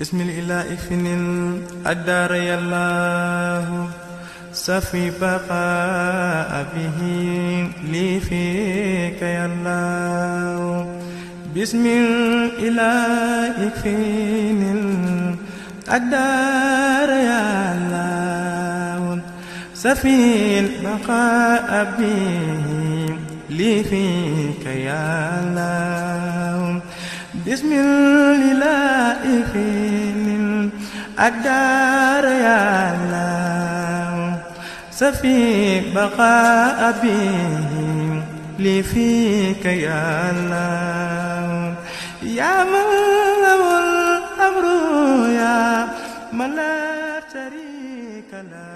بسم الإله فن الدار يالله سفي بقاء به لي فيك يالله بسم الإله فن الدار يالله سفي بقاء به لي فيك يالله bismillaahi xiinin ak daara yàllaam safi baqaa abihim li fiika yàllaam yaa man lahul amru yaa man laa shariika lahu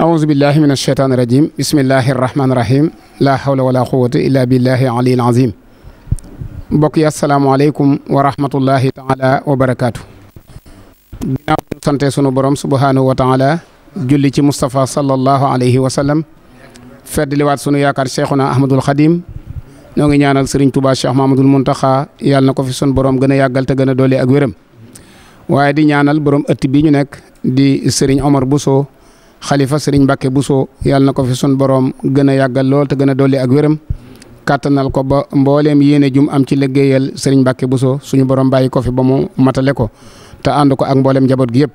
أعوذ بالله من الشيطان الرجيم بسم الله الرحمن الرحيم لا حول ولا قوة إلا بالله العلي العظيم mbokk yi asalaamaaleykum wa rahmatullahi taala wa barakaatu. ginnaaw sunu borom subhaanahu wa taala julli ci Moustapha sallallahu alayhi wa sallam feddliwaat sunu yaakaar naa Ahmadul Xadim ñoo ngi ñaanal Serigne Touba Cheikh Mahmadul Muntaxa yàlla na ko fi sunu boroom gën a yàggal te gën a ak wéram waaye di ñaanal boroom ëtt bi ñu nekk di Serigne Omar Bousso xalifa Serigne Mbacke Bousso yàlla na ko fi sunu boroom gën a yàggal lool te gën a doole ak wéram. kàttanal ko ba mbooleem yéene jum am ci liggéeyal sëriñ Mbàkke Bousso suñu borom bàyyi ko fi ba mu matale ko te ànd ko ak mbooleem njaboot gi yëpp.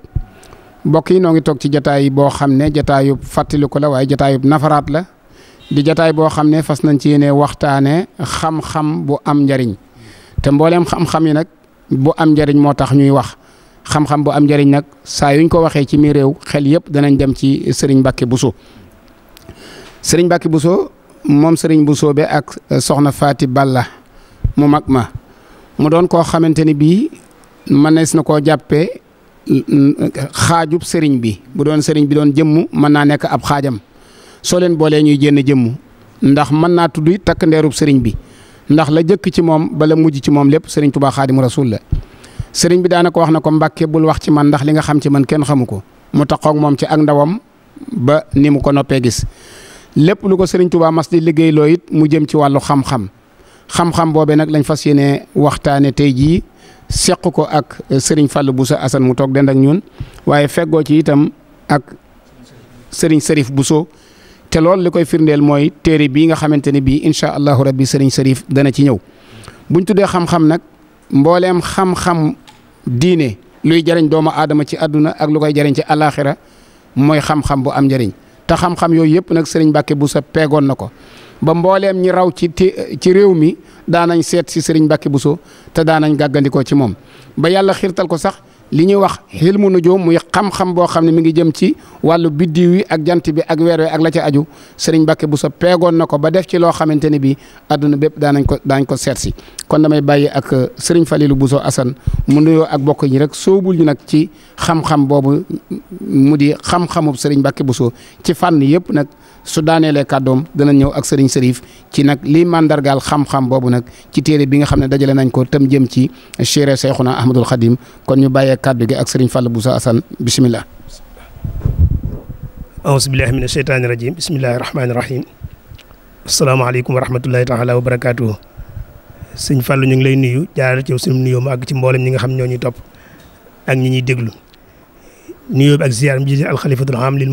mbokk yi noo ngi toog ci jataay boo xam ne jataayub fàttaliku la waaye jataayub nafaraat la di jataay boo xam ne fas nañ ci yéene waxtaane xam-xam bu am njariñ te mbooleem xam-xam yi nag bu am njariñ moo tax ñuy wax xam-xam bu am njariñ nag saa yuñ ko waxee ci mi réew xel yëpp danañ dem ci sëriñ Mbàkke Bousso sëriñ moom sëriñ bu soobee ak eh, soxna Faati Balla mu mag ma mu doon koo xamante ni bii mënees na koo jàppe xaajub sëriñ bi bu doon sëriñ bi doon jëmm mën naa nekk ab xaajam soo leen boolee ñuy jénn jëmm ndax mën naa tudd takk ndeerub sëriñ bi ndax la jëkk ci moom bala mujj ci moom lépp sëriñ Tuubaa Xaadimu Rasuul la sëriñ bi daanaka wax na ko Mbàkke bul wax ci man ndax li nga xam ci man kenn xamu ko mu taxaw moom ci ak ndawam ba ni mu ko noppee gis lépp lu ko sëriñ Touba mas di liggéey loo it mu jëm ci wàllu xam-xam xam-xam boobee nag lañ fas yéene waxtaane tey jii seq ko ak eh, sëriñ fàll bu Boussa Assane mu toog dend ak ñun waaye feggoo ci itam ak sëriñ bu Bousso te loolu li koy firndeel mooy téere bii nga xamante ne bii incha allahu rabbi sëriñ Serif dana ci ñëw buñ tuddee xam-xam nag mbooleem xam-xam diine luy jariñ doomu aadama ci àdduna ak lu koy jariñ ci alaaxira mooy xam-xam bu am njariñ te xam-xam yooyu yëpp nag sëriñ bu Bousso peegoon na ko ba mbooleem ñi raw ci ci réew mi daanañ seet si sëriñ bu so te daanañ gàggandikoo ci moom ba yàlla xiirtal ko sax. li ñuy wax xilmu nujum muy xam-xam boo xam ne mi ngi jëm ci wàllu biddiw yi ak jant bi ak weer wi ak la ca aju sëriñ bu Buso peegoon na ko ba def ci loo xamante ni bii àdduna bépp daanañ ko daañ ko seet si kon damay bàyyi ak euh, sëriñ Falilu Buso Asan mu nuyoo ak bokk ñi rek soobul ñu nag ci xam-xam boobu mu di xam-xamub sëriñ Mbàkke Buso ci fànn yëpp nag. su daaneelee kàddoom dana ñëw ak sëriñ sërif ci nag lii màndargaal xam-xam boobu nag ci téere bi nga xam ne dajale nañ ko tam jëm ci chéré Seyxuna Ahmadul Xadim kon ñu bàyyee kàddu gi ak sëriñ Fallou Boussa Assane bisimilah. auzu billahi mina sheytaani rajim bismillahi rahmaani rahim. asalaamaaleykum wa rahmatullahi taala wa barakaatuhu. sëñ Fallou ñu ngi lay nuyu jaarale ci suñu nuyoo mu àgg ci mboolem ñi nga xam ñoo ñuy topp ak ñi ñuy déglu nuyoo bi ak ziar bi ci alxalifatul am lil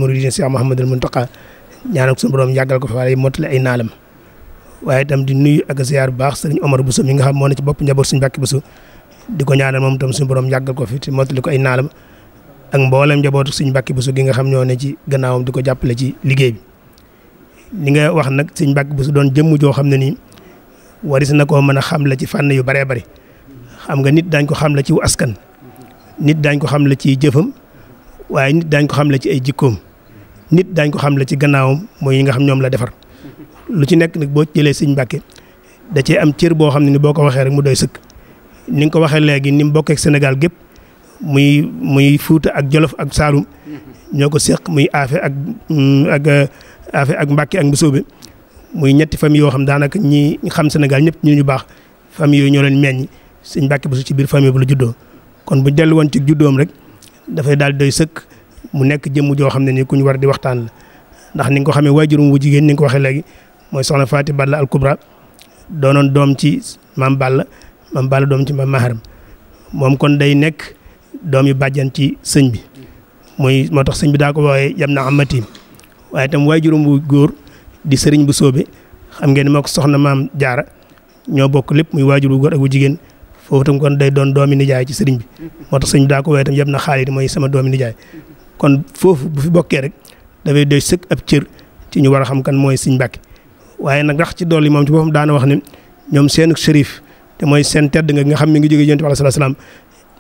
ñaanal ko suñu borom yàggal ko fi waaye mottali ay naalam waaye itam di nuyu ak ziar bu baax sëriñ Omar Bousso mi nga xam moo ci bopp njaboot suñu Mbàkke busu di ko ñaanal moom itam suñu borom yàggal ko fi te mottali ko ay naalam ak mboolem njabootu suñu Mbàkke Bousso gi nga xam ñoo ne ci gannaawam di ko jàppale ci liggéey bi. wax nag suñu Mbàkke Bousso doon jëmm joo xam ne nii waris na koo mën a la ci fànn yu bëree bëri xam nga nit daañ ko xamle ci wu askan nit daañ ko xam la ci jëfam waaye nit daañ ko xamle ci ay jikkoom nit daañ ko xam la ci gannaawam mooy yi nga xam ñoom la defar lu ci nekk nag boo jëlee sëñ Mbàkke da cee am cër boo xam ne ni boo ko waxee rek mu doy sëkk ni nga ko waxee léegi ni mu bokkee ak Sénégal gépp muy muy Fuuta ak Jolof ak Saalum ñoo ko séq muy Afe ak mm, ak euh, Afe ak Mbàkke ak Mbusoobe ñetti famille yoo xam daanaka ñi xam Sénégal ñëpp ñu ñu baax famille yooyu ñoo leen meññ sëñ Mbàkke bu su ci biir famille bu la juddoo kon bu dellu woon ci juddoom rek dafay daal doy sëkk mu nekk jëmm joo xam ne ni ku ñu war di waxtaan la ndax ni nga ko xamee waajurum wu jigéen ni ko waxee léegi mooy soxna Faati Balla al Kubra doonoon doom ci maam Balla maam Balla doom ci maam Maharam moom kon day nekk doom yu bàjjan ci sëñ bi muy moo tax sëñ bi daa ko woowee yam na amatiim waaye itam waajurum wu góor di sëriñ bu soobe xam ngeen moo soxna maam jaara ñoo bokk lépp muy waajur wu góor ak wu jigéen foofu tam kon day doon doomi nijaay ci sëriñ bi moo tax sëñ bi daa ko woowee itam yam na xaalit mooy sama doomi nijaay kon foofu bu fi bokkee rek dafay doy sëkk ab cër ci ñu war a xam kan mooy Sëñ Mbàkke waaye nag rax ci dool yi moom ci boppam daana wax ne ñoom seen sërif te mooy seen tedd nga xam ne ngi jóge Yonent bi alayhi salaam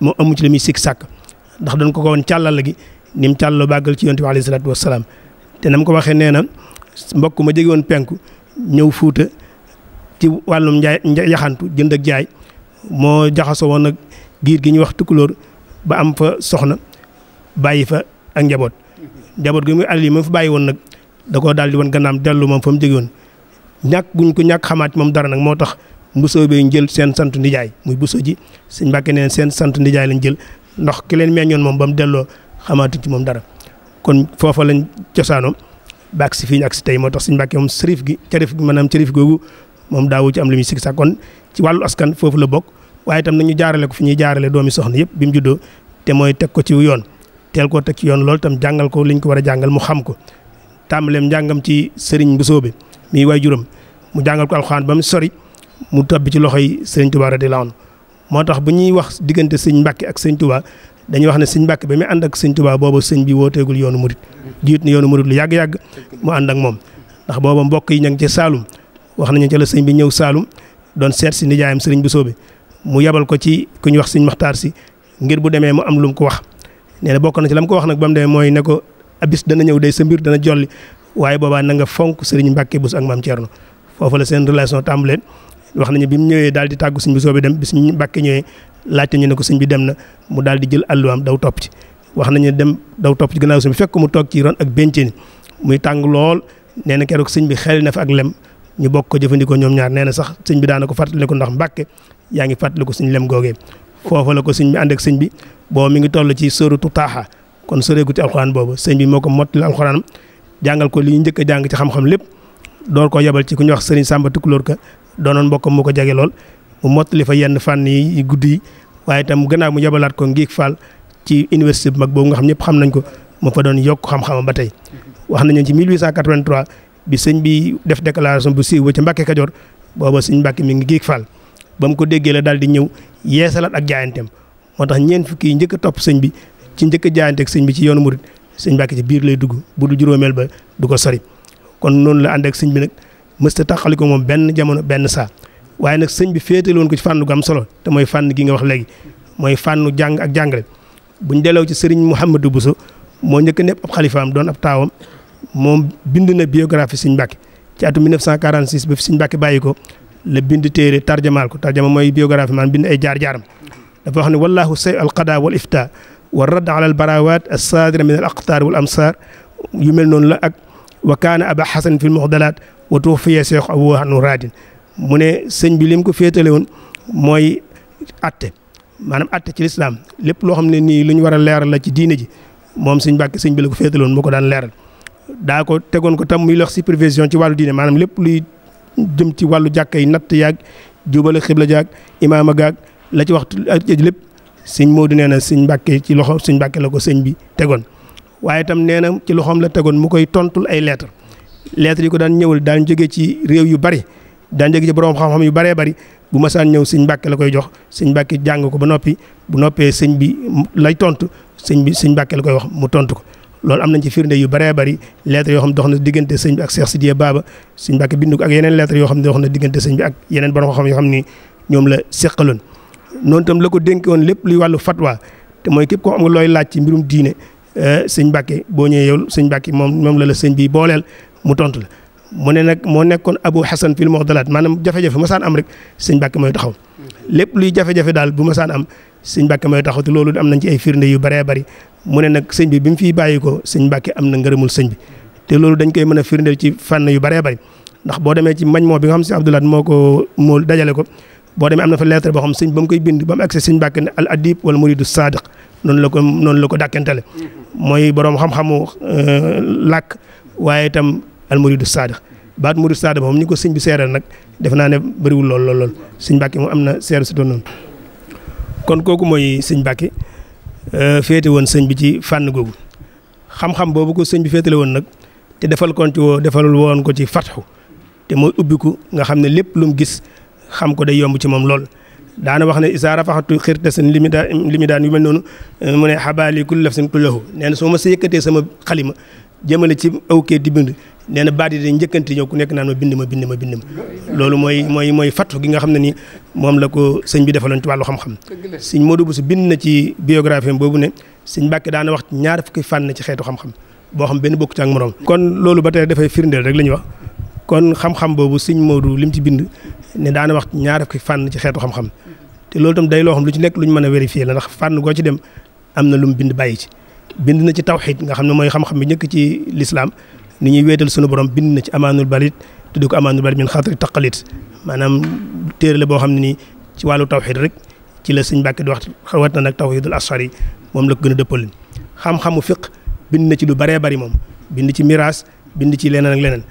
moo amu ci li muy sikk sàkk ndax dañ ko ko woon gi ni mu bàggal ci Yonent bi alayhi salaatu wasalaam te na ko waxee nee na mbokk ma jóge woon penku ñëw fuuta ci wàllum njaay yaxantu jënd jaay moo jaxasoo woon nag giir gi ñuy wax tukulóor ba am fa soxna bàyyi fa ak njaboot njaboot gi muy alal yi ma fa bàyyi woon nag dakoo koo daal di woon gannaam dellu moom fa mu jóge woon ñàkk guñ ko ñàkk xamaat moom dara nag moo tax mbusoo bee njël jël seen sant ndijaay muy buso ji sëñ Mbàkke neen seen sant ndijaay lañ jël ndax ki leen meññoon moom ba mu delloo xamaatu ci moom dara kon foofa lañ cosaanoo baag si fii ak si tey moo tax sëñ Mbàkke moom sërif gi carif gi maanaam carif googu moom daawu ci am lu muy sikk sax kon ci wàllu askan foofu la bokk waaye itam nañu jaarale ko fi ñuy jaarale doomi soxna yëpp bi mu juddoo te mooy teg ko ci yoon teel ko teg ci yoon loolu tam jàngal ko liñ ko war a jàngal mu xam ko tàmbaleem njàngam ci sëriñ bu soobe mi waay juróom mu jàngal ko xaan ba mu sori mu tabbi ci loxo yi sëriñ Tuubaa radiyallaahu anhu moo tax bu ñuy wax diggante sëñ Mbàkke ak sëñ Tuubaa dañuy wax ne sëñ Mbàkke ba muy ànd ak sëñ Tuubaa boobu sëñ bi wooteegul yoonu murit jiit na yoonu murit lu yàgg-yàgg mu ànd ak moom ndax booba mbokk yi ña ngi ca Saalum wax nañu ca la sëñ bi ñëw Saalum doon seet si nijaayam sëriñ bu soobe mu yabal ko ci ku ñu wax sëñ Maxtaar si ngir bu demee mu am lu ko wax nee na bokk na ci la ko wax nag bam mu mooy ne ko abis dana ñëw day sa mbir dana jolli waaye boobaa na fonk fonk Serigne Mbacke Bousso ak maam Thierno foofu la seen relation tàmbalee wax nañu bi mu ñëwee daal di tàggu sëñ bi soo bi dem bi sëñ Mbacke ñëwee laajte ñu ne ko sëñ bi dem na mu daal di jël àlluwaam daw topp ci wax nañu dem daw topp ci gannaaw sëñ fekk mu toog ci ron ak benceni muy tàng lool nee na keroog sëñ bi xel na fa ak lem ñu bokk ko jëfandikoo ñoom ñaar nee na sax sëñ bi daana ko fàttali ne ko ndax Mbacke yaa ngi fàttali ko suñ lem googee foofa la ko sëñ bi ànd ak sëñ bi boobu mi ngi toll ci sóoratu taaxa kon sóoreegu ci alxuraan boobu sëñ bi moo ko mottali alxuraan jàngal ko li ñu njëkk jàng ci xam-xam lépp door koo yebal ci ku ñuy wax sëriñ Samba Tukulóor ka doonoon mbokkam moo ko jege lool mu mottali fa yenn fànn yi guddi yi waaye itam gannaaw mu yebalaat ko Ngiig Fall ci université bu mag boobu nga xam ñëpp xam nañ ko mu fa doon yokk xam-xamam ba tey wax nañu ci 1883 bi sëñ bi def déclaration bu siiw ba ca Mbàkke Kajoor booba sëñ Mbàkke mi ngi Ngiig Fall ba mu ko déggee la daal di ñëw yeesalaat ak jaayanteem moo tax ñeent fukki yi njëkk a topp sëñ bi ci njëkk a jaayante bi ci yoonu murit sëñ Mbàkke ci biir lay dugg bu du juróomeel ba du ko sori kon noonu la ànd ak sëñ bi nag mësta taxali ko moom benn jamono benn saa waaye nag sëñ bi féetale woon ko ci fànn gu am solo te mooy fànn gi nga wax léegi mooy fànnu jàng ak jàngale buñ delloo ci sëriñ Mouhamadou Bousso moo njëkk a nekk ab xalifaam doon ab taawam moom bind na biographie sëñ Mbàkke ci atum 1946 ba fi sëñ Mbàkke bàyyi ko la bind téere tarjamaal ko tarjama mooy biographie maanaam bind ay jaar-jaaram dafa wax ne wallaahu say alqada wal ifta wa radd ala al barawat assaadira min al wal amsaar yu mel noonu la ak wa kaana aba xasan fi lmuxdalaat wa tuwafiya seex abu hanu raadin mu ne sëñ bi lim ko féetale woon mooy atte maanaam atte ci lislaam lépp loo xam ne nii lu ñu war a leeral la ci diine ji moom sëñ Mbàkke sëñ bi la ko féetale woon moo ko daan leeral daa ko tegoon ko tam muy lox supervision ci jëm ci wàllu jàkka yi natt yaag jubale xibla jaag imaama gaag la ci waxtu lépp sëñ Modou nee na sëñ Mbàkke ci loxo sëñ Mbàkke la ko sëñ bi tegoon waaye tam nee na ci loxoom la tegoon mu koy tontul ay lettre lettre yi ko daan ñëwul daan jege ci réew yu bari daan jógee ci borom xam-xam yu baree bari bu masaan ñëw sëñ mbàkkee la koy jox sëñ Mbàkke jàng ko ba noppi bu noppee sëñ bi lay tontu sëñ bi sëñ Mbàkke la koy wax mu tontu ko loolu am nañ ci firnde yu bëree bari lettre yoo xam ne dox na diggante sëñ bi ak Cheikh Sidiya Baba sëñ Mbàkke bind ko ak yeneen lettre yoo xam ne dox na diggante sëñ bi ak yeneen borom xam yoo ni ñoom la seqaloon noonu tam la ko dénke woon lépp luy wàllu fatwa te mooy képp looy laaj ci mbirum diine eh, sëñ Mbàkke boo ñëwee yow sëñ Mbàkke moom moom la la sëñ bi booleel mu tontu la mu ne nag moo nekkoon Abu Hasan fil Mu'dalaat maanaam jafe-jafe masaan am rek sëñ Mbàkke mooy taxaw mm-hmm. lépp luy jafe-jafe daal bu masaan am sëñ Mbàkke mooy taxaw loolu am nañ ci ay firnde yu bëree bari mu ne nag sëñ bi bi mu fiy bàyyi ko sëñ am na ngërëmul sëñ bi te loolu dañ koy mën a firndeel ci fànn yu bëree bëri ndax boo demee ci mañ moom bi nga xam si Abdoulaye moo ko moo dajale ko boo demee am na fa boo xam sëñ ba mu koy bind ba mu agsi sëñ Mbàkke ne al adib wala muridu sadiq noonu la ko noonu la ko dàkkantale mooy boroom xam-xamu euh, làkk waaye itam al muridu sadiq baat muridu sadiq moom ñi ko sëñ bi seeral nag def naa ne bëriwul lool lool lool sëñ Mbàkke am na seer su doon kooku mooy sëñ Mbàkke Euh, féete woon sëñ bi ci fànn googu xam-xam boobu ko sëñ bi féetale woon nag te defal kon ci woo defalul woon ko ci fatxu te mooy ubbiku nga xam ne lépp lu mu gis xam ko day yomb ci moom lool daana wax ne isaa rafaxatu xirte seen limi daa limi daan yu mel noonu mu ne xabaali kulli laf seen kullahu nee na soo ma sa yëkkatee sama xalima jëmale ci awkee di bind nee na baat yi dañ njëkkante nekk naan ma bind ma bind ma bind ma loolu mooy mooy mooy fattu gi nga xam ne ni moom la ko sëñ bi defaloon ci wàllu xam-xam sëñ Modou si bind na ci biographie boobu ne sëñ Mbàkke daana wax ñaar fukki fànn ci xeetu xam-xam benn bokk ci ak morom kon loolu ba tey dafay rek la ñuy wax kon xam boobu sëñ Modou li mu ci bind ne daana wax ñaar fukki fànn ci xeetu xam-xam te loolu tam day loo xam lu ci nekk lu ñu mën a vérifier la ndax fànn goo ci dem am na lu mu bind bàyyi ci bind na ci tawxiid nga xam ne mooy xam-xam bi njëkk ci lislaam ni ñuy wéetal sunu borom bind na ci amaanul balit tudd ko amaanul balit min xatri taqalit maanaam téere la boo xam ne nii ci wàllu tawxid rek ci la sëñ Mbàkke di wax xawat na nag tawxidul ashari moom la ko gën a dëppal xam-xamu fiq bind na ci lu bëree bari moom bind ci miraas bind ci leneen ak leneen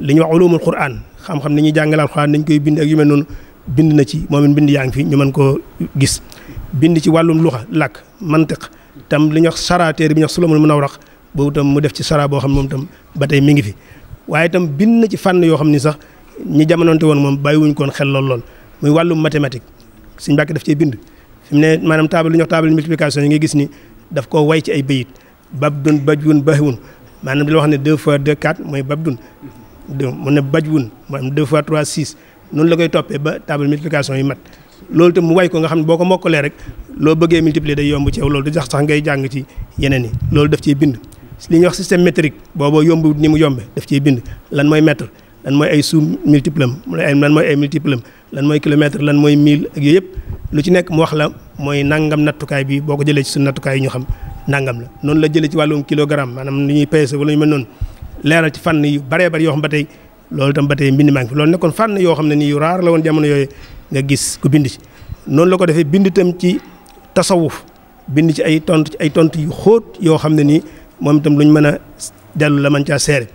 li ñuy wax ulumul quran xam-xam ni ñuy jàngale alquran dañ koy bind ak yu mel noonu bind na ci moom it bind yaa ngi fi ñu man koo gis bind ci wàllum luxa làkk mantiq tam li ñuy wax saraateer bi ñuy wax sulamul munawraq boobu tam mu def ci sara boo xam ne moom tam ba tey mi ngi fi waaye tam bind na ci fànn yoo xam ni sax ñi jamononte woon moom bàyyiwuñ koon xel lool lool muy wàllum mathématique suñ Mbàkke daf cee bind fi maanaam table li ñuy table multiplication yi nga gis ni daf koo way ci ay bayit babdun bajwun bahwun maanaam di la wax ne deux fois deux quatre mooy babdun mu ne bajwun maanaam deux fois trois six noonu la koy toppee ba table multiplication yi mat loolu tam mu way ko nga xam ne boo ko mokkalee rek loo bëggee multiplier day yomb ci yow loolu du jax sax ngay jàng ci yeneen yi loolu daf cee bind li ñuy wax système métrique booboo yomb ni mu yombe daf ciy bind lan mooy mètre lan mooy ay sous multiple am lan mooy ay multiple am lan mooy kilomètre lan mooy mille ak yooyu yëpp lu ci nekk mu wax la mooy nangam nattukaay bi boo ko jëlee ci suñu nattukaay yi ñu xam nangam la noonu la jëlee ci wàllum kilogramme maanaam li ñuy peser wala ñu mel noonu leeral ci fànn yu baree bari yoo xam ba tey loolu itam ba tey mbind maa ngi fi loolu nekkoon fànn yoo xam ne nii yu raar la woon jamono yooyu nga gis ku bind ci noonu la ko defee bind itam ci tasawuf bind ci ay tont ci ay tont yu xóot yoo xam ne nii moom itam luñ mën a dellu la mën caa seere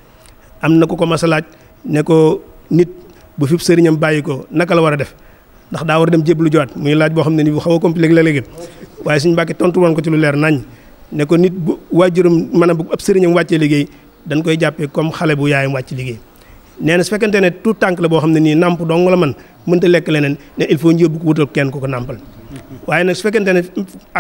am na ko ko mas a laaj ne ko nit bu fi sëriñam bàyyi ko naka la war a def ndax daa war a dem jéblu jowaat muy laaj boo xam ne ni bu xaw a compliqué la léegi waaye suñu mbàkke tontu woon ko ci lu leer nañ ne ko nit bu waajuram maanaam bu ab sëriñam wàccee liggéey dan koy jàppee comme xale bu yaayam wàcc liggéey nee na su fekkente ne tout tànk la boo xam ne nii nàmp dong man mënta lekk leneen ne il faut ñu yóbbu ko wutal kenn ku ko nàmpal waaye nag su fekkente ne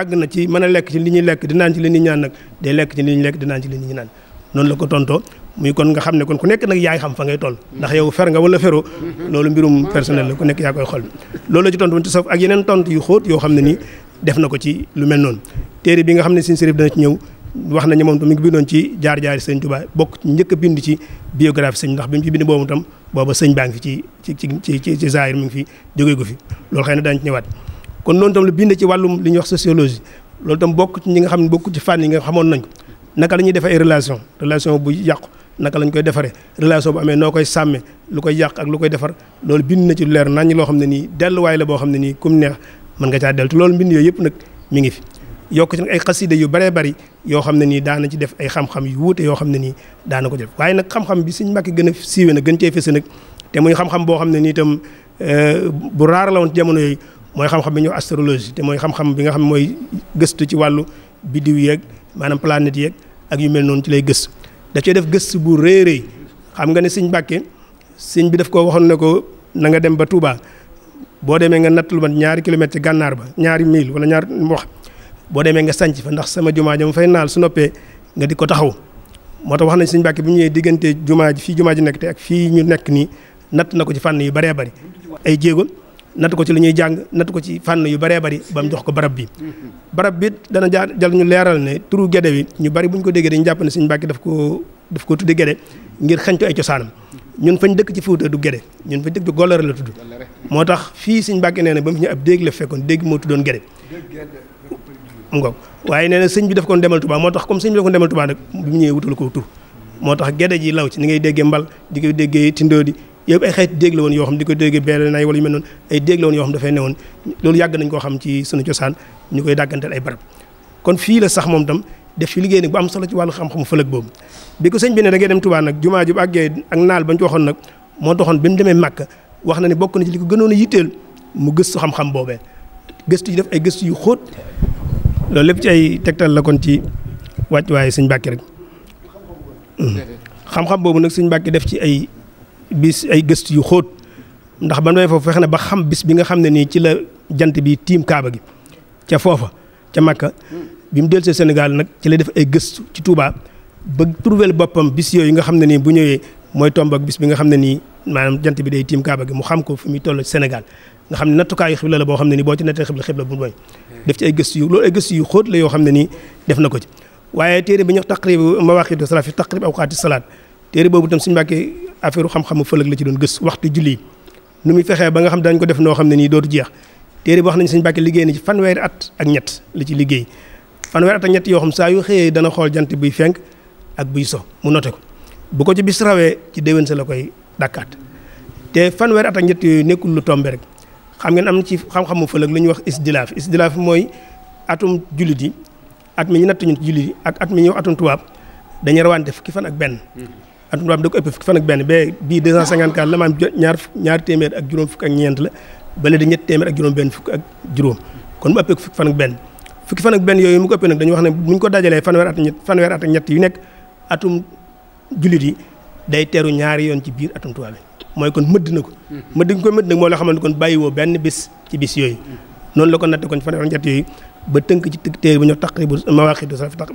àgg na ci mën a lekk ci li ñuy lekk di naan ci leen ñuy ñaan nag day lekk ci li ñuy lekk di naan ci li ñuy naan noonu la ko tontoo muy kon nga xam ne kon ku nekk nag yaay xam fa ngay toll ndax yow fer nga wala feroo loolu mbirum personnel la ku nekk yaa koy xool loolu la ci tontu woon ci saf ak yeneen tontu yu xóot yoo xam ne nii def na ko ci lu mel noonu téere bi nga xam ne Sëriñ Sërif dana ci ñëw wax nañu moom tam mi ngi bindoon ci jaar-jaari sëñ Tuubaa bokk bind ci biographie sëñ ndax bi mu ci bind boobu tam booba sëñ baa ngi fi ci ci ci ci ci mi ngi fi jógee gu fi loolu xëy na daañu ci kon loolu tam la bind ci wàllum li ñuy wax sociologie loolu tam bokk ci ñi nga xam ne bokk ci fànn yi nga xamoon nañ ko naka la ñuy relation relation bu yàqu naka lañu koy defaree relation bu amee noo koy sàmmee lu koy yàq ak lu koy defar loolu bind na ci leer nañ loo xam ne nii delluwaay la boo xam ne nii kum neex mën nga caa dellu te loolu mbind yooyu yëpp nag mi ngi fi yokk ci nag ay xasida yu bëree bari yoo xam ne nii daana ci def ay xam-xam yu wuute yoo xam ne nii daana ko def waaye nag xam-xam bi suñ Mbàkke gën a siiwee nag gën cee fës nag te muy xam-xam boo xam ne nii itam euh, bu raar la woon jamono yooyu mooy xam-xam bi ñuy astrologie te mooy xam-xam bi nga xam mooy gëstu ci wàllu biddiw yeeg maanaam planète yeeg ak yu mel noonu ci lay gëstu da cee def gëstu buur rëy rëy xam nga ne sëñ Mbàkke sëñ bi daf ko waxoon ne ko na nga dem ba tuubaa boo demee nga natt lu mat ñaari kilomètre ci gànnaar ba ñaari mil wala ñaar mu wax boo demee nga sanc fa ndax sama jumaa ja mu fay naal su noppee nga di ko taxaw moo tax wax nañ sëñ Mbàkke bi mu ñëwee jumaa ji fii jumaa ji nekk ak fii ñu nekk nii natt na ko ci fànn yu bëree bëri ay jéego natt ko ci li ñuy jàng natt ko ci fànn yu baree bari ba mu jox ko barab bi barab bi dana jaar jal ñu leeral ne turu gede wi ñu bari bu ñu ko déggee dañu jàpp ne suñu mbàkki daf ko daf ko tudde gede ngir xañtu ay cosaanam ñun fañ dëkk ci Fuuta du gede ñun fañ dëkk ci Golare la tudd moo tax fii suñu mbàkki nee na ba ñu ab déeg la fekkoon dégg moo tuddoon gede mu ngoog waaye nee na sëñ bi daf koon demal Tuubaa moo tax comme sëñ bi daf koon demal Tuubaa nag bi mu ñëwee wutal koo tur moo tax gede ji law ci ni ngay déggee mbal di koy déggee di yëpp ay xeeti déeg la woon yoo xam di ko déggee beele nay wala yu mel noonu ay déeg la woon yoo xam dafay newoon loolu yàgg nañ koo xam ci sunu cosaan ñu koy dàgganteel ay barab kon fii la sax moom tam def ci liggéey nag bu am solo ci wàllu xam-xamu fëlëg boobu bi ko sëñ bi ne da ngay dem Tuubaa jumaa ji àggee ak naal bañ ci waxoon moo taxoon bi mu demee Màkka wax na ne bokk na ci li ko gënoon a yitteel mu gëstu xam-xam boobee gëstu yi def ay gëstu yu xóot loolu lépp ci ay tegtal la kon ci wàcc waaye sëñ Mbàkke rek hmm. boobu nag sëñ Mbàkke def ci ay bis ay gëstu yu xóot ndax ba may foofu fexe na ba xam bis bi nga xam ne nii ci la jant bi tiim kaaba gi ca foofa ca Makka bi mu dellu see Sénégal nag ci la def ay gëstu ci Touba ba trouver boppam bis yooyu nga xam ne nii bu ñëwee mooy tomb ak bis bi nga xam ne nii maanaam jant bi day tiim kaaba gi mu xam ko fu muy toll senegal nga xam ne nattukaayu xibla la boo xam ne nii boo ci nattee xibla xibla bu doy def ci ay gëstu yu loolu ay gëstu yu xóot la yoo xam ne nii def na ko ci waaye téere bi ñu taqrib mawaqitu salaat fi taqrib awqaati salaat téere boobu itam suñu mbàkkee affaire xam-xamu la ci doon gës waxtu julli nu muy fexee ba nga xam dañ ko def noo xam ne nii dootu jeex téere bi wax nañ suñu mbàkkee liggéey na ci at ak ñett la ci liggéey fanweeri at ak ñett yoo xam saa yu xëyee dana xool jant buy fenk ak buy so mu noté ko bu ko ci bis rawee ci déwén sa la koy dakkaat te fanweeri at ñett nekkul lu tombe rek xam ngeen am na ci xam-xamu fëlëg lu ñuy wax isdilaaf isdilaaf mooy atum jullit yi at mi ñu natt ñun jullit yi ak at mi ñëw atum tubaab dañu rawante fukki fan ak benn mm-hmm. atum tubaab da ko ëpp fukki fan ak benn ba bii 254 la maanaam ñaar ñaar téeméer ak juróom fukk ak ñeent la bële di ñett téeméer ak juróom benn fukk ak juróom kon mu ëppee ko fukki fan benn fukki fan benn yooyu mu ko ëppee nag dañu wax ne ko dajalee fanweer at ñett fanweer at ak ñett yu nekk atum jullit yi day teeru ñaari yoon ci biir atum tubaab bi mooy kon mëdd na ko hmm. mëdd nga moo la xamante kon bàyyi woo benn bis ci bis yooyu hmm. noonu la ko natte kon fanweer ak ñett yooyu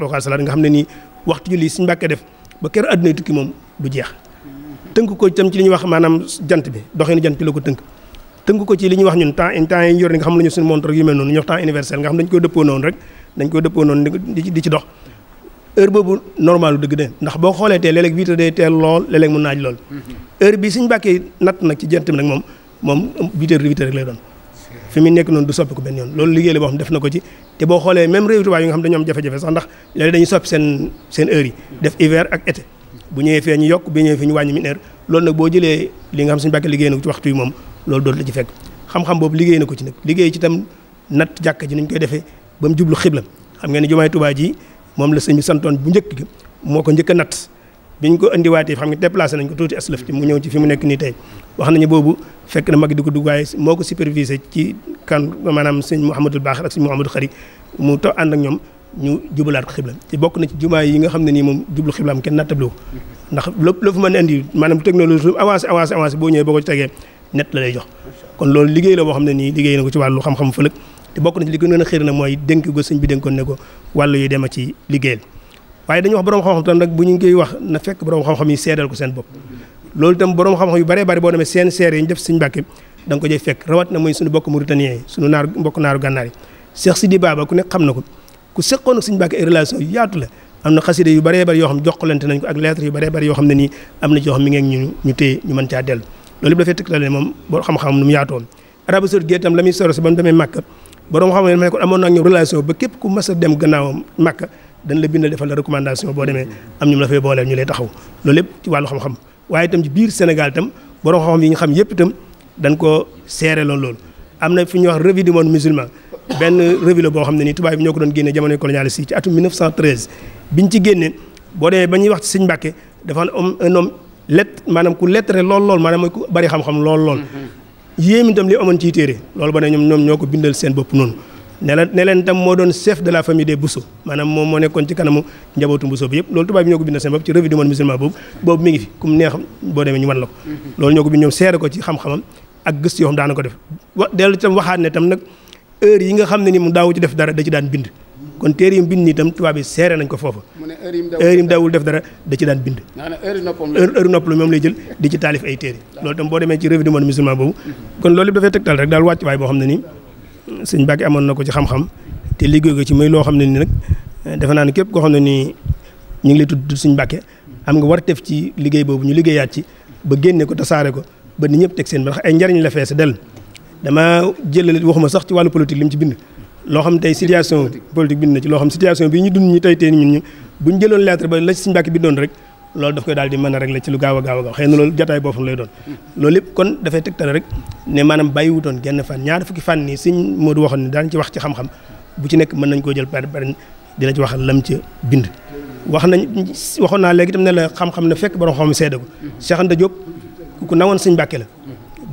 nga xam ne nii waxtu julli suñ mbàkkee def ba kër àdduna tukki moom du jeex tënk ko itam ci li wax maanaam jant bi dox doxinu jant bi la ko tënk tënk ko ci li ñuy wax ñun temps temps yi yor ni nga xam la ñu suñu montre yu mel noonu ñu wax temps nga xam dañ koy dëppoo noonu rek dañ koy dëppoo noonu di ci dox heure boobu normal dëgg de ndax boo xoolee tee léeg-léeg huit day teel lool léeg-léeg mu naaj lool heure bi suñu bàkkee natt nag ci jant bi nag moom moom huit heures huit rek lay doon fi mu nekk noonu du soppi ko benn yoon loolu liggéey la boo xam def na ko ci te boo xoolee même réew tubaab yi nga xam dañoo am jafe-jafe sax ndax léegi dañuy soppi seen seen heures yi def hiver ak été bu ñëwee fee ñu yokk bu ñëwee fee ñu wàññi une heure loolu nag boo jëlee li nga xam suñu bàkke liggéey na ko ci waxtu yi moom loolu dootu la ci fekk xam-xam boobu liggéey na ko ci nag liggéey ci tam natt jàkka ji nuñ koy defee ba mu jublu xibla xam ngeen ne jumaay Tuubaa ji moom la sëñ bi bu njëkk moo ko njëkk natt biñ ko indiwaatee xam nga déplacé nañ ko tuuti aslëf ci mu ñëw ci fi mu nekk nii tey wax nañu boobu fekk na mag di ko dugg waaye moo ko supervisé ci kan maanaam sëñ Mouhamadul baax ak sëñ Mouhamadou Xari mu to ànd ak ñoom ñu jubalaat ko xibla te bokk na ci jumaa yi nga xam ne nii moom jublu xiblaam kenn nattable ko ndax lépp la fu indi maanaam technologie lu avance avancé avancé boo ñëwee boo ko ci tegee net la lay jox kon loolu liggéey la boo xam ne nii liggéey na ko ci wàllu xam-xam fëlëg te bokk na ci li ko gën a na mooy dénk go sëñ bi dénkoon ne ko wàllu yu dem a ci liggéeyal waaye dañu wax borom xam-xam tam nag bu ñu koy wax na fekk borom xam-xam yi seedal ko seen bopp loolu itam borom xam-xam yu bëree bëri boo demee seen seer yi ñu def suñu Mbàkke da nga ko jëy fekk rawat na mooy suñu bokk mauritanien yi suñu naar mbokk naaru gànnaar yi Cheikh Sidi Baba ku nekk na ko ku seqoon ak suñu Mbàkke ay relation yu yaatu la am na xasida yu yoo xam yu bëree bëri yoo xam ne nii am na ci yoo xam mi ngeeg ñu ñu téye ñu mën caa dellu loolu yëpp dafay tëkkale moom boo xam-xam nu mu yaatoon Arabie Saoudite gi la muy soro si ba mu demee Màkka borom xam ne ma ne ko amoon naa ñoom relation képp ku mas a dem gannaawam Màkka dañ la bindal defal la recommandation boo demee am ñu la fay booleel ñu lay taxaw loolu lépp ci wàllu xam-xam waaye itam ci biir Sénégal itam borom xam-xam yi ñu xam yëpp tam dañ ko seere loon loolu am na fi ñuy wax revue du monde musulman benn revue boo xam ne nii tubaab bi ñoo ko doon génne jamono colonialiste yi ci atum 1913 biñ ci génne boo demee ba ñuy wax ci Sëñ Mbàkke dafa am un maanaam ku lettré lool lool maanaam mooy ku bari xam-xam lool lool mm-hmm. yéemi itam li amoon ciy téere loolu ba ne ñoom ñoom ñoo ko bindal seen bopp noonu ne la ne leen tam moo doon chef de la famille des Bousso maanaam moom moo kon ci kanamu njabootu Bousso bi yëpp loolu tubaab bi ñoo ko bind seen mm-hmm. ñoom seere ko yoo xam daana ko def wa ne tam nag yi nga xam ne ni mu daawu ci dara da ci daan bind kon téere yi mu bind nii ko foofa heure yi mu daawul def dara da ci daan bind heure nopplu moom lay jël di ci taalif ay téere loolu tam boo demee ci revue du monde boobu kon loolu dafay tegtal rek daal wàcc waay boo xam ne nii sëñ Mbacke amoon na ko ci xam-xam te liggéey ko ci muy loo xam ne ni nag eh, defe naa ne képp ko xam ne nii ñu ngi lay tudd sëñ Mbacke am nga war tef ci liggéey boobu ñu liggéeyaat ci ba génne ko tasaare ko ba ni ñëpp teg seen ba ndax ay njariñ la fees del dama jëlale waxuma sax ci wàllu politique li mu ci bind loo xam tey situation politique bind na ci loo xam situation bi ñu dund ñu tey tey ñun ñu buñ jëloon lettre ba la ci sëñ Mbacke bi doon rek loolu daf koy daal di mën a régler ci lu gaaw a gaaw a gaaw xëy na loolu jataay boobu loolu yëpp kon dafay tegtal rek ne maanaam bàyyiwutoon genn fan ñaar fukki fan nii sëñ Modou waxoon ne daan ci wax ci xam-xam bu ci nekk mën nañ koo jël par par dina ci wax lam ca bind wax nañ waxoon naa léegi itam ne la xam ne fekk borom xam seede ko Cheikh Anta Diop ku nawoon sëñ Mbàkke la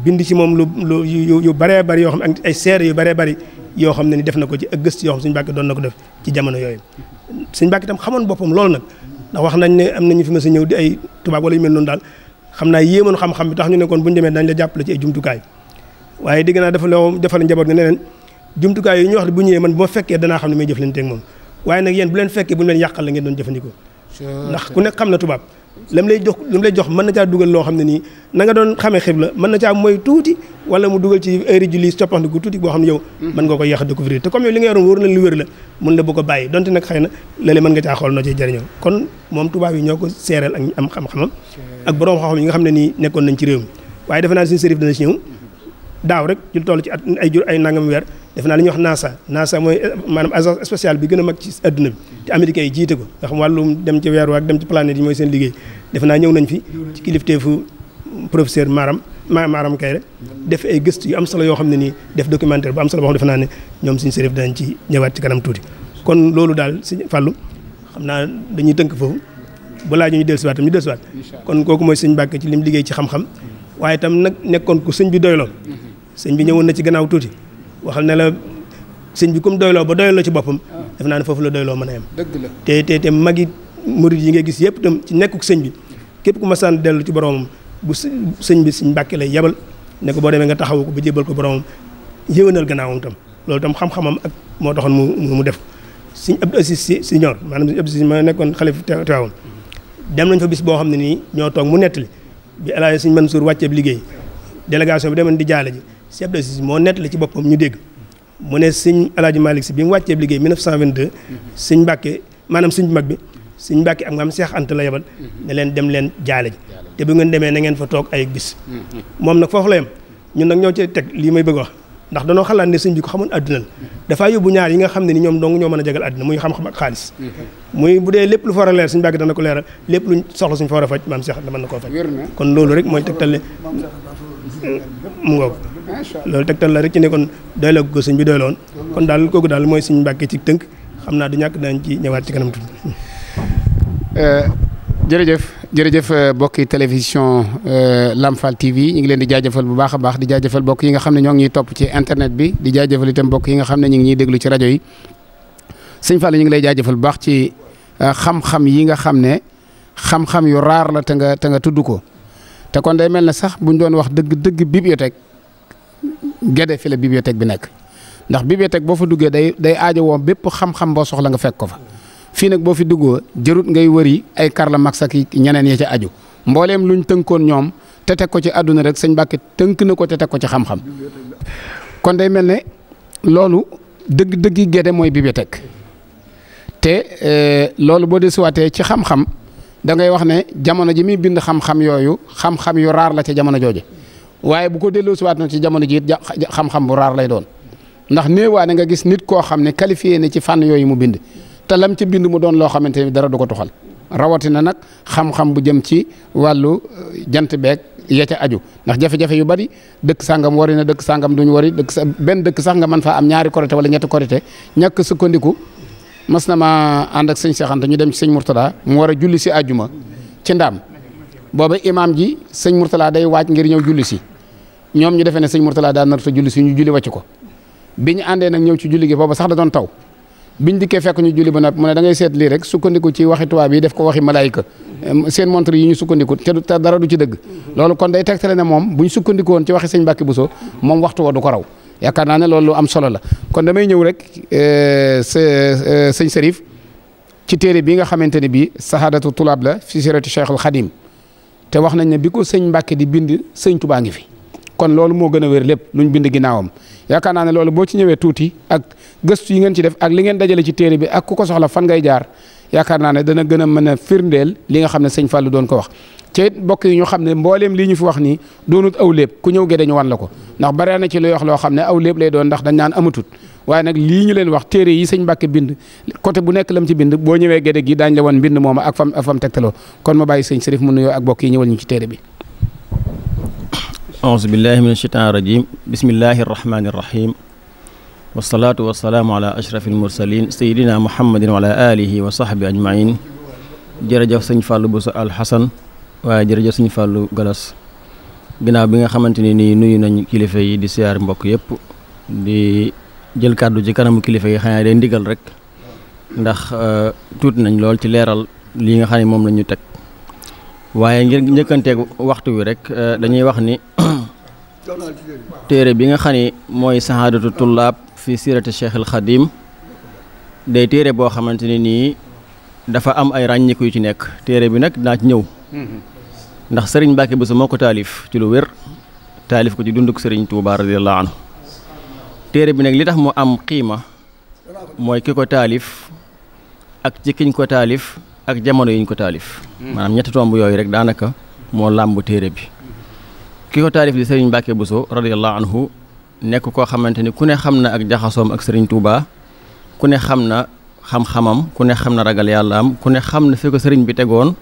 bind ci moom lu lu yu bëree bëri yoo xam ne ay seere yu bëree bëri yoo xam ne ni def na ko ci ak gëstu yoo xam sëñ Mbàkke doon na ko def ci jamono yooyu sëñ Mbàkke itam xamoon boppam loolu nag ndax wax nañ ne am nañu fi ma a ñëw di ay tubaab wala yu mel noonu daal xam naa yéemoon xam-xam bi tax ñu ne kon bu ñu demee dañ la jàppale ci ay jumtukaay waaye dégg naa dafa defal njaboot nga ne leen jumtukaay yi ñu wax bu ñëwee man bu ma fekkee danaa xam ne may jëflanteeg moom waaye nag yéen bu leen fekkee bu ñu leen yàqal la ngeen doon jëfandikoo ndax ku nekk xam na tubaab lam lay jox lam lay jox mën na caa dugal loo xam ne nii na nga doon xamee xibla mën na caa mooy tuuti wala mu dugal ci heure julli soppandiku tuuti boo xam ne yow mën nga ko yeex a découvrir te comme yow li nga yoroon wóor na lu wér la mun la bu ko bàyyi donte nag xëy na léeg mën nga caa xool noo ciy jëriñoo kon moom tubaab yi ñoo ko seeral ak am xam-xamam ak borom xam-xam yi nga xam ne nii nekkoon nañ ci réew mi waaye defe naa suñu sërif dana si ñëw daaw rek ñu toll ci at ay jur ay nangam weer def naa li ñuy wax NASA NASA mooy eh, maanaam agence spatiale bi gën a mag ci àdduna bi te américains yi jiite ko nga xam wàllum dem ci weer ak dem ci planète yi mooy seen liggéey def naa ñëw nañ fi ci kilifteefu professeur Maram ma Maram Kayre def ay gëstu yu am solo yoo xam ne nii def documentaire bu am solo boo xam naa ne ñoom suñu sërif danañ ci ñëwaat ci kanam tuuti kon loolu daal si fàllu xam naa dañuy tënk foofu balaa ñu dellusiwaat tam ñu dellusiwaat kon kooku mooy sëñ Mbàkke ci li mu liggéey ci xam-xam waaye itam nag nekkoon ku sëñ bi doyloo mm-hmm. sëñ bi ñëwoon na ci gannaaw tuuti waxal ne la sëñ bi comme doyloo ba doyloo ci boppam def naa ne foofu la doyloo mën a yem te te te magi murid yi ngay gis yëpp tam ci nekkuk sëñ bi képp ku ma sànn dellu ci boromam bu sëñ bi sëñ Mbàkke lay yebal ne boo demee nga taxawu ko ba jébal ko boromam yéwénal gannaawam tam loolu tam xam-xamam ak moo taxoon mu mu def sëñ Abdou Aziz si si ñor maanaam sëñ Abdou Aziz ma nekkoon xalif teewoon dem nañ fa bis boo xam ne nii ñoo toog mu nettali bi El Hadj sëñ Mansour wàccee liggéey délégation bi demoon di jaale ji chef moo nett la ci boppam ñu dégg mu ne sëñ alaaji Malick si bi mu wàccee liggéey 1922 sëñ Mbàkke maanaam sëñ mag bi sëñ Mbàkke ak maam Seex Anta la yebal ne leen dem leen jaale ji te bu ngeen demee na ngeen fa toog ay bis moom nag foofu la yem ñun nag ñoo ci teg lii may bëgg wax ndax danoo xalaat ne sëñ bi ko xamoon dafaa yóbbu ñaar yi nga xam ne ni ñoom dong ñoo mën a jagal àdduna muy xam-xam ak xaalis muy bu dee lépp lu fa war a leer suñu bàgg dana ko leeral lépp lu soxla suñu fa war a faj maam Seex Anta mën na koo faj kon loolu rek mooy tegtal tale mu ngoog loolu tegtal la rek ci ne kon doyloo ko sëñ bi doyloon kon daal kooku daal mooy sëñ Mbàkke ci tënk xam naa du ñàkk dañ ci ñëwaat ci kanam tuuti euh, jërëjëf jërëjëf euh, bokki télévision euh, Lamfal TV ñu ngi leen di jaajëfal bu baax a baax di jaajëfal bokk yi nga xam ne ñoo ngi ñuy topp ci internet bi di jaajëfal itam bokk yi nga xam ne ñu ngi ñuy rajo yi ñu ngi lay jaajëfal bu baax ci xam-xam yi nga xam ne xam-xam yu raar la te nga te nga tudd ko te kon day mel ne sax buñ doon wax dëgg dëgg teg gede fi la bibliothèque bi nekk ndax bibliothèque boo fa duggee day day woo bépp xam-xam boo soxla nga fekk ko fa fii nag boo fi duggoo jërut ngay wëri ay Karl Marx ak ñeneen ya ca aju mbooleem luñ tënkoon ñoom te teg ko ci àdduna rek sëñ Mbàkke tënk na ko te teg ko ci xam-xam kon day mel ne loolu dëgg dëggi gede mooy bibliothèque te euh, loolu boo desuwaatee ci xam-xam da ngay wax ne jamono ji muy bind xam-xam yooyu xam-xam yu raar la ca jamono jooju waaye bu ko delloo siwaat na ci jamono ji it xam-xam bu raar lay doon ndax néewaane nga gis nit koo xam ne qualifié ne ci fànn yooyu mu bind te lam ci bind mu doon loo xamante ni dara du ko tuxal rawatina nag xam-xam bu jëm ci wàllu euh, jant beeg ya ca aju ndax jafe-jafe yu bari dëkk sangam wari na dëkk sangam duñ wari dëkk sa benn dëkk sax nga mën faa am ñaari korité wala ñetti korité ñàkk sukkandiku mas na ma ànd ak sëñ Seexanta ñu dem ci sëñ Mourtada mu war a julli si àjjuma ci ndaam booba ji sëñ Mourtada day waaj ngir ñëw julli si. ñoom ñu defee ne sëñ Mourtala daa nar ta julli si ñu julli wàcc ko bi ñu àndee nag ñëw ci julli gi booba sax da doon taw biñ dikkee fekk ñu julli ba nag mu ne da ngay seet lii rek sukkandiku ci waxi tubaab yi def ko waxi malaayika seen montre yi ñu sukkandiku te dara du ci dëgg loolu kon day tegtale ne moom buñ sukkandiku woon ci waxi sëñ Mbàkke so moom waxtu wa du ko raw yaakaar naa ne loolu lu am solo la kon damay ñëw rek e, e, sëñ Serif ci téere bi nga xamante ne bii sahaadatu tulaab la fi sirati Cheikhul Xadim te wax nañ ne bi ko sëñ Mbàkke di bind sëñ Tubaa ngi fi kon loolu moo gën a wér lépp luñ bind ginnaawam yaakaar naa ne loolu boo ci ñëwee tuuti ak gëstu yi ngeen ci def ak li ngeen dajale ci téere bi ak ku ko soxla fan ngay jaar yaakaar naa ne dana gën a mën a firndeel li nga xam ne sëñ Fallou doon ko wax te mbokk yi ñu xam ne mbooleem lii ñu fi wax nii doonut aw léeb ku ñëw gee ñu wan la ko ndax bare na ci luy wax loo xam ne aw léeb doon ndax dañ naan amatut waaye nag lii ñu leen wax téere yi sëñ Mbàkke bind côté bu nekk lam ci bind boo ñëwee gédé gi daañ la wan mbind mooma ak fam ak fam kon ma bàyyi sëñ Sërif nuyoo mbokk yi ñëwal ñu ci téere bi aousubillahi min asheitan irajim bismillahi arrahmani irrahim wasalaatu wasalaamu ala ashraf almursalin sayidina muhammadin wa ala alihi wa sahbi ajmain jërëjëf sëñ fàllu bu sa alxasan waaye jërëjëf sëñ fàllu galas ginnaaw bi nga xamante ni nii nuyu nañ kilifa yi di siyaar mbokk yëpp di jël kàddu ci kanamu kilifa yi xanaa day ndigal rek ndax euh, tuuti nañ lool ci leeral lii nga xam moom la ñu teg waaye njëkkanteeg waxtu wi rek euh, dañuy wax ni téere bi nga xam ne mooy sahaadatu tullaab fi siirati cheikh xadim day téere boo xamante ne nii dafa am ay ràññiku yu ci nekk téere bi nag naa ci ñëw ndax sëriñ Mbàkke Buso moo ko taalif ci lu wér taalif ko ci dunduk sëriñ Tuubaa radiyallaahu anhu téere bi nag li tax mu am xiima mooy ki ko taalif ak ci kiñ ko taalif ak jamono yiñ ko taalif hmm. maanaam ñetti tomb yooyu rek daanaka moo làmb téere bi ki ko taarif di sëriñ Mbàkke Buso radiyallahu anhu nekk koo xamante ni ku ne xam na ak jaxasoom ak sëriñ Touba ku ne xam na xam-xamam ku ne xam na ragal yàlla am ku ne xam na fi ko sëriñ bi tegoon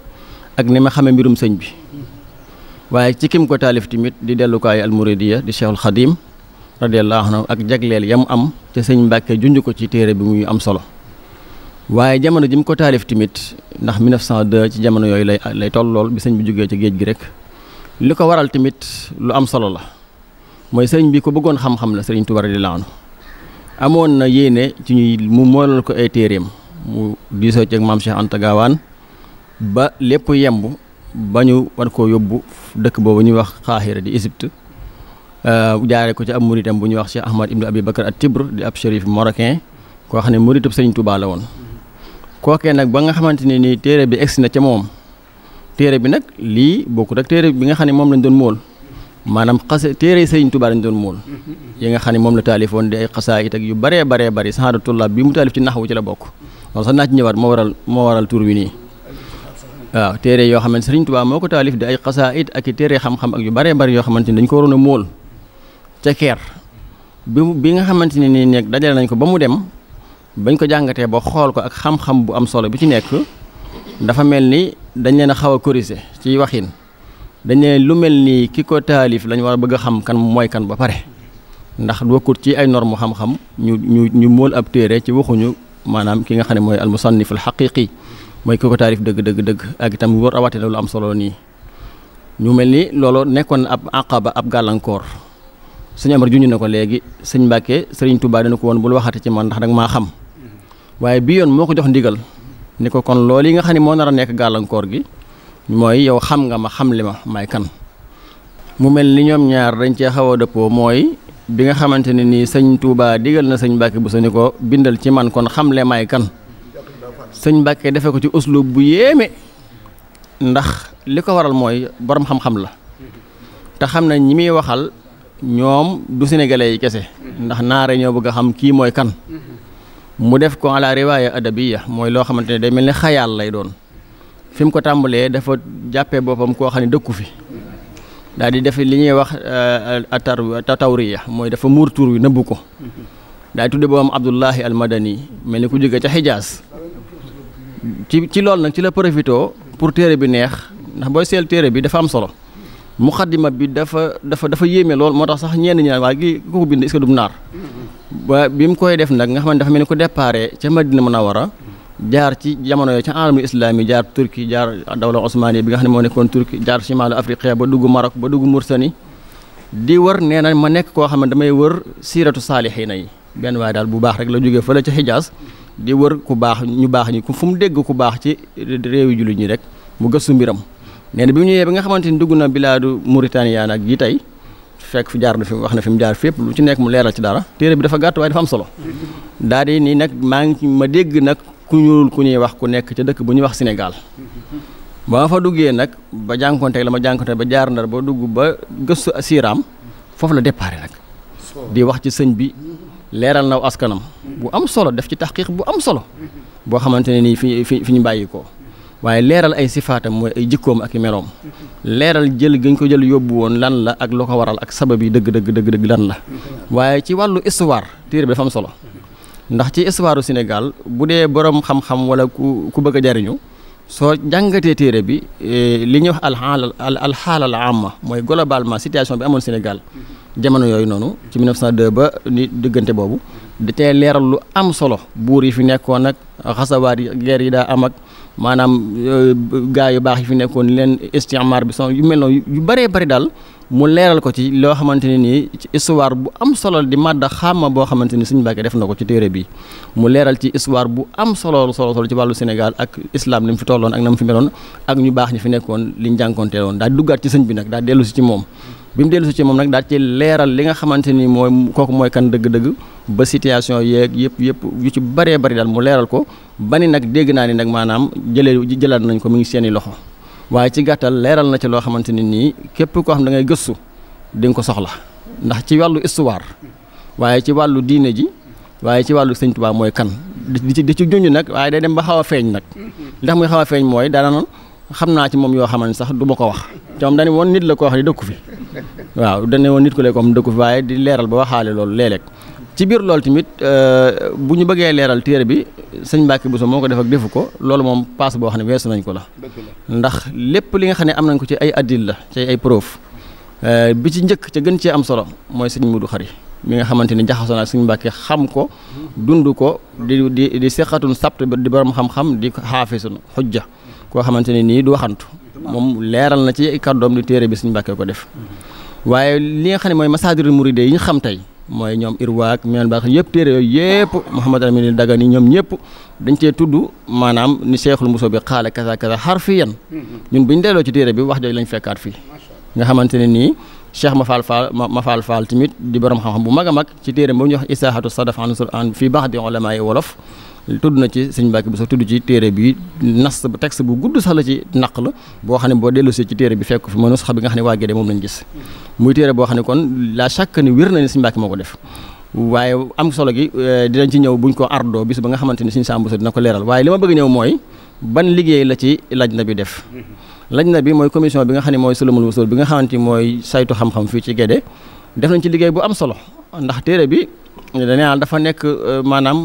ak ni ma xamee mbirum sëñ bi waaye ci kim ko taalif tamit di dellukaay almuridiya di Cheikhul Xadim radiyallahu anhu ak jagleel yam am te sëñ Mbàkke junj ko ci téere bi muy am solo waaye jamono ji mu ko taalif tamit ndax 1902 ci jamono yooyu lay lay tollool bi sëñ bi jógee ci géej gi rek li ko waral tamit lu am solo la mooy sëriñ bi ko bëggoon xam-xam la sëriñ Tuubaa radiyallaahu anhu amoon na yéene ci ñuy mu moolal ko ay téeréem mu diisoo ci ak maam Cheikh Anta ba lépp yemb ba ñu war koo yóbbu dëkk boobu ñuy wax Xaahira di Égypte euh, jaare ko ci ab muritam bu ñuy wax Cheikh Ahmad Ibn Abi Bakar at Tibre di ab shérif marocain koo xam ne muritub sëriñ Tuubaa la woon kookee nag ba nga xamante ne nii téere bi egsi na ca moom téere bi nag lii bokkut ak téere bi nga xam ne moom lañ doon mool maanaam xase téere sëriñ Tuubaa lañ doon mool yi nga xam ne moom la taalifoon di ay xasaayit ak yu baree baree bari saxaada tullaab mu taalif ci naxwu ci bokk loolu sax naa ci waral moo waral tur wi nii waaw yoo xamante sëriñ Tuubaa moo ko taalif di ay xasaayit ak i téere xam-xam ak yu baree bari yoo xamante ni dañ ko waroon a mool ca keer bi bi nga xamante ne nii nekk dajale nañ ko ba mu dem bañ ko jàngatee ba xool ko ak xam-xam bu am solo bi ci nekk dafa mel ni dañ leen a xaw a corriger ci waxin dañ leen lu mel nii ki ko taalif lañ war a bëgg a xam kan mooy kan ba pare ndax bokkut ci ay norme xam-xam ñu ñu ñu mool ab téere ci waxuñu maanaam ki nga xam ne mooy almusannif alxaqiqi mooy ki ko taalif dëgg dëgg dëgg ak itam war rawatina lu am solo nii ñu mel ni loolu nekkoon ab àqaba ab gàllankoor sëñ Amar juñu ne ko léegi sëñ Mbàkke sëriñ Tuubaa dana ko woon bul waxati ci man ndax danga maa xam waaye bii yoon moo ko jox ndigal ni ko kon lool yi nga xam ne moo nar a nekk gàllankoor gi mooy yow xam nga ma xam li ma may kan mu mel ni ñoom ñaar dañ cee xaw a dëppoo mooy bi nga xamante ne nii sëñ tuubaa digal na sëñ Mbacke Bousso ni ko bindal ci man kon xam le may kan sëñ Mbacke defe ko ci uslub bu yéeme ndax li ko waral mooy boroom xam-xam la te xam na ñi muy waxal ñoom du sénégalais yi kese ndax naare ñoo bëgg a xam kii mooy kan mu def ko ala riwaaya adabiya mooy loo xamante ne day mel ni xayaal lay doon fi mu ko tàmbalee dafa jàppee boppam koo xam ne dëkku fi daal di def li ñuy wax euh, atar tatawriya mooy dafa muur tur wi nëbbu ko daal di tudde boppam Abdullahi al Madani mel ni ku jóge ca Xijaas ci ci loolu nag ci la profité pour téere bi neex ndax booy seel téere bi dafa am solo muxaddima bi dafa dafa dafa yéeme lool moo tax sax ñenn ñi naan waaye gi ku ko bind est-ce que naar ba bi mu koy def nag nga xam ne dafa mel ni ko déparé ca Madina a jaar ci jamono yooyu ca islaam islami jaar Turki jaar dawla Osmani bi nga xam ne moo nekkoon Turki jaar Chimalu Afrique ba dugg Maroc ba dugg Mauritanie di wër nee na ma nekk koo xam ne damay wër siiratu saalixiina yi benn waaye daal bu baax rek la jógee fële ca Hijaaz di wër ku baax ñu baax ñi fu mu dégg ku baax ci réewi jullit ñi rek mu gëstu mbiram nee na bi mu ñëwee ba nga xamante ni dugg na bilaadu Mauritania nag yi tey fekk fi jaar na fi wax na fi mu jaar fépp lu ci nekk mu leeral ci dara téere bi dafa gàtt waaye dafa am solo daal nii nag maa ngi ma dégg nag ku ñuul ku ñuy wax ku nekk ca dëkk bu ñuy wax Sénégal ba fa duggee nag ba jànkonteeg la ma jànkonteeg ba jaar ndar ba dugg ba gëstu siiraam foofu la déparé nag di wax ci sëñ bi leeral naw askanam bu am solo def ci taxqiq bu am solo boo xamante ne nii fi ñu bàyyi ko waaye leeral ay sifaatam mooy ay jikkoom ak i meloom leeral jël gañ ko jël yóbbu woon lan la ak loo ko waral ak sabab yi dëgg dëgg dëgg dëgg lan la waaye ci wàllu histoire téere bi dafa am solo ndax ci histoire Sénégal bu dee borom xam-xam wala ku ku bëgg a jariñu soo jàngatee téere bi e, li ñuy wax alxaal alxaalal amma mooy globalement situation bi amoon Sénégal jamono yooyu noonu ci 1902 ba ni diggante boobu da tee leeral lu am solo buur yi fi nekkoon ak xasawaat yi yi daa am ak maanaam euh, gaa yu baax yi fi nekkoon leen istimaar bi son yu mel noonu yu bëree bëri daal mu leeral ko ci loo xamante ne nii ci histoire bu am solo di màdda xaama boo xamante ni suñu Mbàkke def na ko ci téere bi mu leeral ci histoire bu am solo solo solo ci wàllu Sénégal ak islam ni mu fi tolloon ak na mu fi meloon ak ñu baax ñi fi nekkoon liñ jànkoonteeloon daal duggaat ci sëñ bi nag daa dellu si ci moom bi mu dellusi ci moom nag daal ci leeral li nga xamante ni mooy kooku mooy kan dëgg-dëgg ba situation yeeg yëpp yëpp yu ci bëree bëri daal mu leeral ko ba ni nag dégg naa ni nag maanaam jëlee jëlaat nañ ko mu ngi seeni loxo waaye ci gàttal leeral na ci loo xamante ni nii képp ko xam da ngay gëstu di ko soxla ndax ci wàllu histoire waaye ci wàllu diine ji waaye ci wàllu sëñ Tuubaa mooy kan di ci di ci junj nag waaye day dem ba xaw a feeñ nag ndax muy xam naa ci moom yoo xamante sax du ma ko wax te moom dañu woon nit la koo xam ne dëkku fi waaw dañu woon nit ku lay ko xam dëkku fi waaye di leeral ba waxaale loolu léeg ci biir loolu tamit euh, bu ñu bëggee leeral téere bi sëñ Mbacke Bousso moo ko def ak ko loolu moom paas boo xam ne weesu nañ ko la ndax lépp li nga xam ne am nañ ko ci ay addil la ci ay preuve bi ci njëkk ca gën cee am solo mooy sëñ Modou Khari mi nga xamante ni jaxasoo naa sëñ Mbacke xam ko dund ko di di di seqatun sabt di borom xam-xam di xaafisun xujja koo xamante ne nii du waxantu moom leeral na ci kàddoom li téere bi suñu mbàkkee ko def waaye li nga xam ne mooy masaadirul muride yi ñu xam tey mooy ñoom irwaak meen baax yëpp téere yooyu yëpp Mouhamadou Amine Dagana ñoom ñëpp dañ cee tudd maanaam ni Seexul Muso bi xaale kasa kasa xar fii ci téere bi wax jooju lañ fekkaat fii nga xamante ne nii cheikh Mafal Fall Mafal Fall tamit di borom xam-xam bu mag a mag ci téere boobu ñuy wax isaaxatu sadaf an fii baax di ulamaa yi wolof tudd na ci sëñ Mbàkke Buso tudd ci téere bi nas texte bu gudd sax la ci naq la boo xam ne boo dellusee ci téere bi fekk fi mënus bi nga xam ne waa Gédé moom lañ gis xam ne kon la chaque ni wér na moo ko def waaye solo gi eh, dinañ ci ñëw buñ ko ardoo bis ba nga xamante ni sëñ Sàmbu Buso dina ko leeral waaye li ma bëgg ñëw mooy ban liggéey la ci laj na bi def laj na bi mooy commission bi nga xam ne mooy Sulumul Wusul bi nga xamante ni mooy saytu xam-xam fii ci Gédé def nañ ci liggéey bu am solo ndax téere bi nee naa dafa nekk euh, maanaam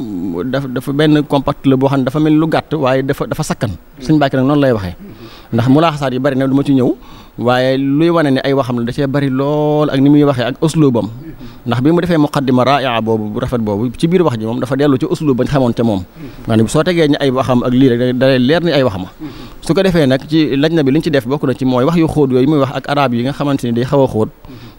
dafa dafa benn compact la boo xam ne dafa mel lu gàtt waaye dafa dafa sakkan sëñ Mbàkke nag noonu lay waxee ndax mu laa mulaaxasaat yi bari na du ci ñëw waaye luy wane ni ay waxam la da cee bari lool ak ni muy waxee ak uslubam ndax bi mu defee muqaddima raayaa boobu bu rafet boobu ci biir wax ji moom dafa dellu ci uslub bañ xamoon ca moom maanaam soo tegee ni ay waxam ak lii rek da leer ni ay waxama su ko defee nag ci laj na bi l ci def bokk na ci mooy wax yu xóot yooyu muy wax ak arab yi nga xamante ni day xaw a xóot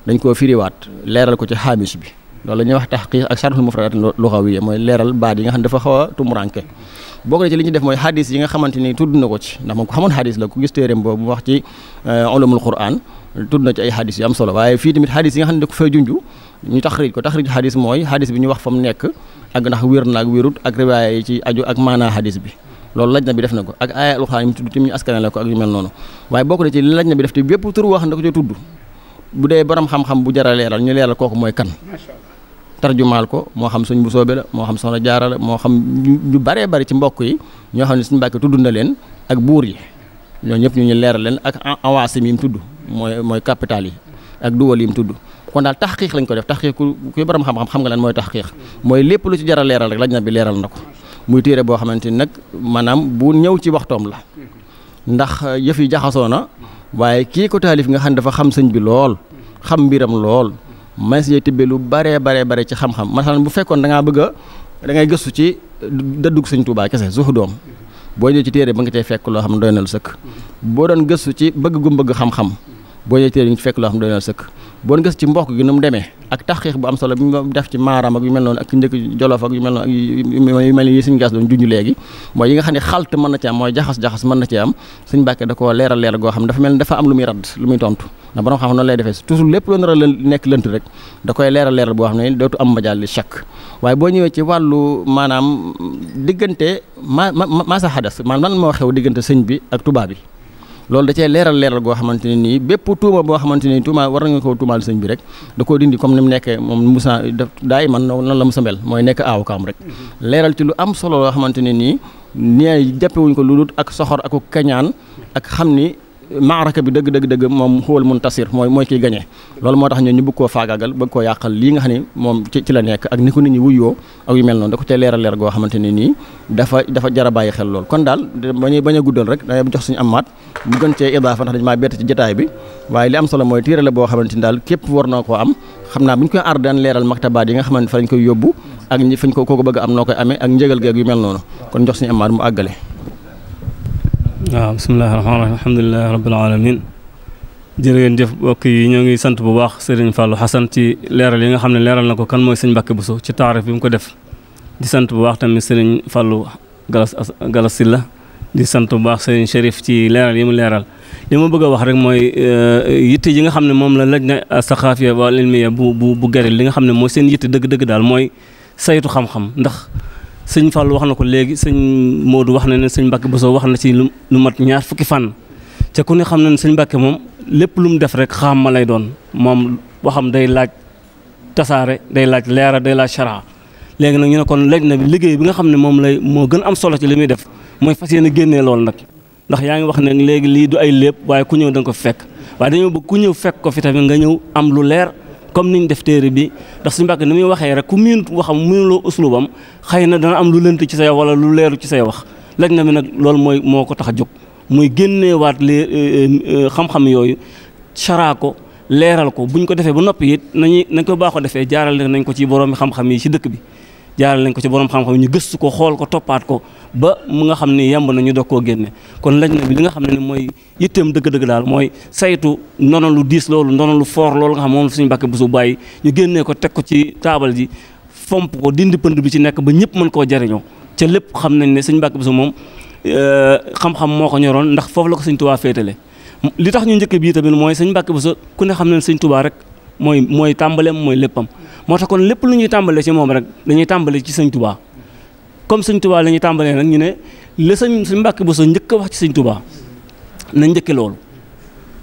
dañ koo firiwaat leeral ko ci bi loolu la ñuy wax taxqiq ak sharhul mufradat lughawiyya a tumuranke bokk na ci li ni tudd na ko ci euh, ay xadis am solo waaye fii tamit xadis yi ko fay junj ñu taxrij ko taxrij ñu wax fa mu nekk ak ndax wér na ak wérut ak riwaaya yi loolu laj na bi def na ko ak aaya alxuraan yi mu tudd tim ñu askanale ko ak yu mel noonu waaye bokk na ci laj na bi def te bépp tur wax na ci tudd bu dee borom xam-xam bu jara leeral ñu leeral kooku mooy kan tarjumaal ko moo xam suñ bu soobe la moo xam soxna jaara la moo xam ñu baree bari ci mbokk yi ñoo xam ne suñu mbàkke tudd na leen ak buur yi ñoo ñëpp ñu ñu leeral leen ak awasim yi mu tudd mooy mooy capital yi ak duwal yi mu tudd kon daal taxqiq lañ ko def taxqiq ku kuy borom xam-xam nga lan mooy tax taxqiq mooy lépp lu ci jar leeral rek laaj na bi leeral na ko muy téere boo xamante ni nag maanaam bu ñëw ci waxtoom la ndax yëf yi jaxasoo na waaye kii ko taalif nga xam dafa xam sëñ bi lool xam mbiram lool may si tibbee lu baree bare bare ci xam-xam masalan bu fekkoon da ngaa bëgg a gëstu ci dëddug Sëñ Tuubaa kese suuf doom boo ñëwee ci téere ba nga cay fekk loo xam ne doy na lu sëkk boo doon gëstu ci bëgg gu bëgg xam-xam boo yegtee nga fekk loo xam doy na sëkk bon gis ci mbokk mu demee ak am solo bi mu def ci maaram ak yu mel noonu ak mel noonu ak yu mel ni yi suñ gas doon yi nga xam ne xalt mën na ci am mooy jaxas-jaxas mën na ci am suñ bàkkee da koo leeral leeral xam ne dafa mel ni dafa am lu muy radd lu muy tontu ndax borom xam noonu lay defee toujours lépp loo nar a nekk lënt rek da koy leeral leeral boo xam ne dootu am mbajaal li chak waaye boo ñëwee ci wàllu maanaam diggante ma ma maasa xadas man man moo xew diggante sëñ bi ak tubaab loolu da cee leeral leeral goo xamante ne nii bépp tuuma boo xamante ne tuuma war nañu ko tuumaal sëñ bi rek da koo dindi comme ni mu nekkee moom Moussa daay man noonu la Moussa mel mooy nekk aawukaam rek leeral ci lu am solo loo xamante ne nii nee jàppewuñ ko lu dul ak soxor ak kañaan ak xam ni maaraka bi dëgg dëgg dëgg moom xuwal muntasir mooy mooy kiy gañe loolu moo tax ñun ñu bëgg koo faagaagal bëgg koo yàqal lii nga xam ne moom ci ci la nekk ak ni ko nit ñi wuyoo ak yu mel noonu xamante ne nii dafa dafa bàyyi xel lool kon daal bañu bañ a guddal rek dañu jox suñu am maat bu gën cee idaafa ndax dañ maa bi waaye li am mooy téere la boo xamante ni daal képp war na koo am naa bu ñu koy aar daan leeral maktabaat yi nga xamante fa lañ koy yóbbu ko kooku bëgg am noo koy amee ak njëgal gi mel noonu kon jox am maat mu àggale waaw bisimilah rahmaani rahiim alhamdulilah rabbil aalamiin jërë ngeen jëf mbokk yi ñoo ngi sant bu baax Serigne Fallou Hassane ci leeral yi nga xam ne leeral na ko kan mooy sëñ Mbacke Bousso ci taarif bi mu ko def di sant bu baax tamit Serigne Fallou Galas Galas Silla di sant bu baax Serigne Chérif ci leeral yi mu leeral li ma bëgg a wax rek mooy euh, yitte yi nga xam ne moom la laj na saxaafiya wal ilmiya bu bu bu gari li nga xam ne mooy seen yitte dëgg-dëgg daal mooy saytu xam-xam ndax. sëñ Fall wax na ko léegi sëñ Modou wax na ne sëñ Mbacke Bousso wax na ci lu mat ñaar fukki fan te ku ne xam na ne sëñ Mbacke moom lépp lu mu def rek xam ma lay doon moom waxam day laaj tasaare day laaj leera day laaj sharaa léegi nag ñu ne kon léegi nag liggéey bi nga xam ne moom lay moo gën am solo ci li muy def mooy fas yéene génnee loolu nag ndax yaa ngi wax ne léegi lii du ay lépp waaye ku ñëw da ko fekk waaye dañoo bëgg ku ñëw fekk ko fi tamit nga ñëw am lu leer. comme niñ def téere bi ndax suñu mbàkk ni muy waxee rek ku miinut waxam miinuloo uslubam xëy na dana am lu lënt ci say wala lu leeru ci say wax laj na mi nag loolu mooy moo ko tax a jóg muy génneewaat lee euh, euh, euh, xam-xam yooyu saraa leeral ko buñ ko defee ba noppi it nañu nañ ko baaxoo defee jaarale nañ ko ci borom xam-xam yi ci dëkk bi jaaral nañ ko ci borom xam-xam ñu gëstu ko xool ko toppaat ko ba mu nga xam ni yemb na ñu doog koo génne kon laj na bi li nga xam ne mooy yitteem dëgg-dëgg daal mooy saytu ndono lu diis loolu ndono lu foor loolu nga xam moom suñu Mbàkke Buso bàyyi ñu génnee ko teg ko ci taabal ji fomp ko dindi pënd bi ci nekk ba ñëpp mën koo jariñoo ca lépp xam nañ ne suñu Mbàkke Buso moom euh, xam-xam moo ko ñoroon ndax foofu la ko sëñ Tuubaa féetale li tax ñu njëkk bii tamit mooy sëñ bu Buso ku ne xam ne sañ tubaa rek mooy mooy tàmbaleem mooy léppam moo tax kon lépp lu ñuy tàmbale si moom rek dañuy tàmbale ci sëñ Touba comme sëñ Touba lañuy tàmbalee nag ñu ne la sëñ suñ Mbàkke njëkk a wax ci sëñ Touba na njëkke loolu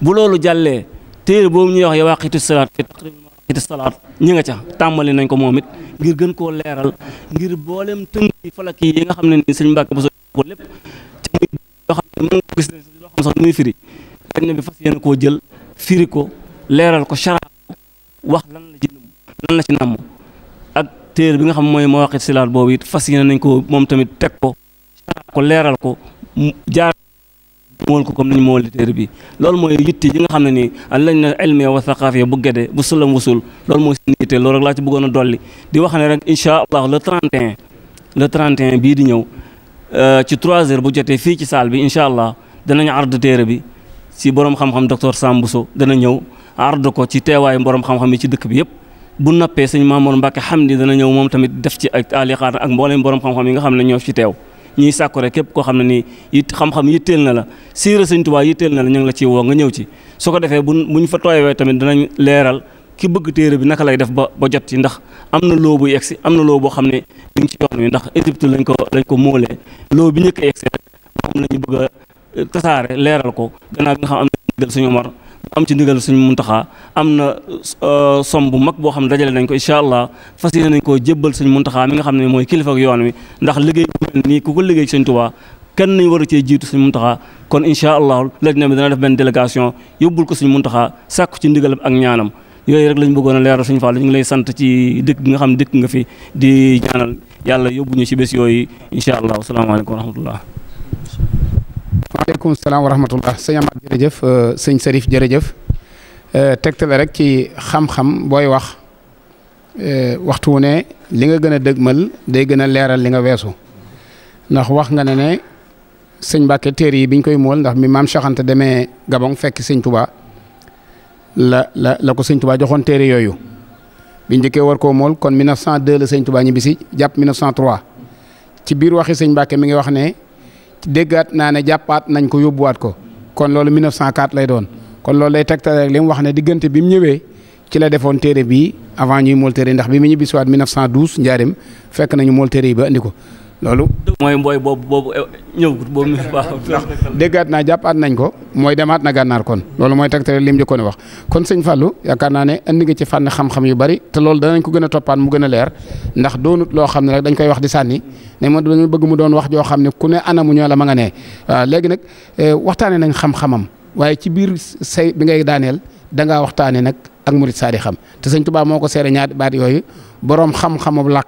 loolu jàllee téere boobu ñuy wax yawaaqitu salaat fi taqribil salaat ñi tàmbali nañ ko moom it ngir gën koo leeral ngir booleem tënk yi falak yi nga xam ne ni sëñ Mbàkke Bousso ko lépp te muy yoo xam ne mën firi dañ ne bi fas yéene koo jël firi ko leeral ko chara wax lan la ci lan la ci namm ak téer bi nga xam mooy mawaqit silaat boobu it fas yéene nañ ko moom tamit teg ko ko leeral ko jaar mool ko comme nañ mool bi loolu mooy yitte yi nga xam ne nii lañ na ilmiya wa thaqafiya bu gede bu sulam wusul loolu mooy seen yitte loolu laa ci bëggoon a dolli di wax ne rek incha allah le 31 le 31 bii di ñëw euh, ci trois heures bu jotee fii ci saal bi incha allah danañ ard téere bi si borom xam-xam docteur Sambuso dana ñëw ardu ko ci teewaayu borom xam-xam yi ci dëkk bi yëpp bu noppee sëñ Mamour Mbacke Hamdi dana ñëw moom tamit def ci ak alixaana ak mbooleem borom xam-xam yi nga xam ne ñoo fi teew ñuy sàkku rek képp koo xam ne nii it xam-xam yitteel na la siira sëñ Tuubaa teel na la ñu ngi la ci woo nga ñëw ci su ko defee buñ buñ fa tooyewee leeral ki bëgg téere bi naka lay def ba ba jot ci ndax am na loo bu yegsi am na loo boo xam ne li ngi ci yoon wi ndax Égypte lañ ko lañ ko móolee loo bi ñëkk a yegsi rek moom la ñu bëgg a tasaare leeral ko gannaaw bi nga xam am na dal suñu am ci ndigal suñu muntaxaa am na uh, som bu mag boo xam ne dajale nañ ko incha allah fas yéene nañ koo jébbal suñu muntaxaa mi nga xam ne mooy kilifa ak yoon wi ndax liggéey bu mel nii ku ko liggéey ci Sëñ kenn nañ war a cee jiitu suñu muntaxaa kon incha allah lajna bi dana def benn délégation yóbbul ko suñu muntaxaa sàkku ci ndigalam ak ñaanam yooyu rek lañ bëggoon a leeral suñu Fall ñu ngi lay sant ci dëkk bi nga xam ne dëkk nga fi di ñaanal yàlla yóbbu ñu ci bés yooyu incha allah asalaamaaleykum wa waaleykum salaam wa rahmatullah sëñ jërëjëf euh, sëñ Serif jërëjëf euh, tegtale rek ci xam-xam booy wax euh, waxtu wu ne li nga gën a dëgmal day gën a leeral li nga weesu ndax wax nga ne ne sëñ Mbàkke téere yi biñ koy mool ndax mi maam Cheikh Anta demee Gabon fekk sëñ Touba la la la ko sëñ Touba joxoon téere yooyu biñ njëkkee war koo mool kon 1902 la sëñ Touba ñibbisi jàpp 1903 ci biir waxi sëñ Mbàkke mi ngi wax ne. déggaat naa ne jàppaat nañ ko yóbbuwaat ko kon loolu 1904 lay doon kon loolu lay tegtal rek li mu wax ne diggante bi mu ñëwee ci la defoon téere bii avant ñuy mool téere ndax bi mu ñibbisiwaat 1912 njaarim fekk nañu mool téere yi ba andi ko loolu. mooy mbooy boobu boobu eh, ñëwagut boobu. waaw ndax déggaat naa jàppaat nañ ko mooy demaat na gànnaar kon loolu mooy tegtale lim njëkkoon wax kon sëñ Fallou yaakaar naa ne andi nga ci fànn xam-xam yu bari te loolu danañ ko gën a toppaat mu gën a leer ndax doonut loo xam ne dañ koy wax di sànni ne moo dañu bëgg mu doon wax joo xam ne ku ne anamu ñoo la ma nga ne waaw léegi nag eh, waxtaanee nañ xam-xamam waaye ci biir say bi ngay daaneel da ngaa waxtaanee nag ak murit saadi xam te sëñ Tuubaa moo ko seere ñaari baat yooyu borom xam-xamu la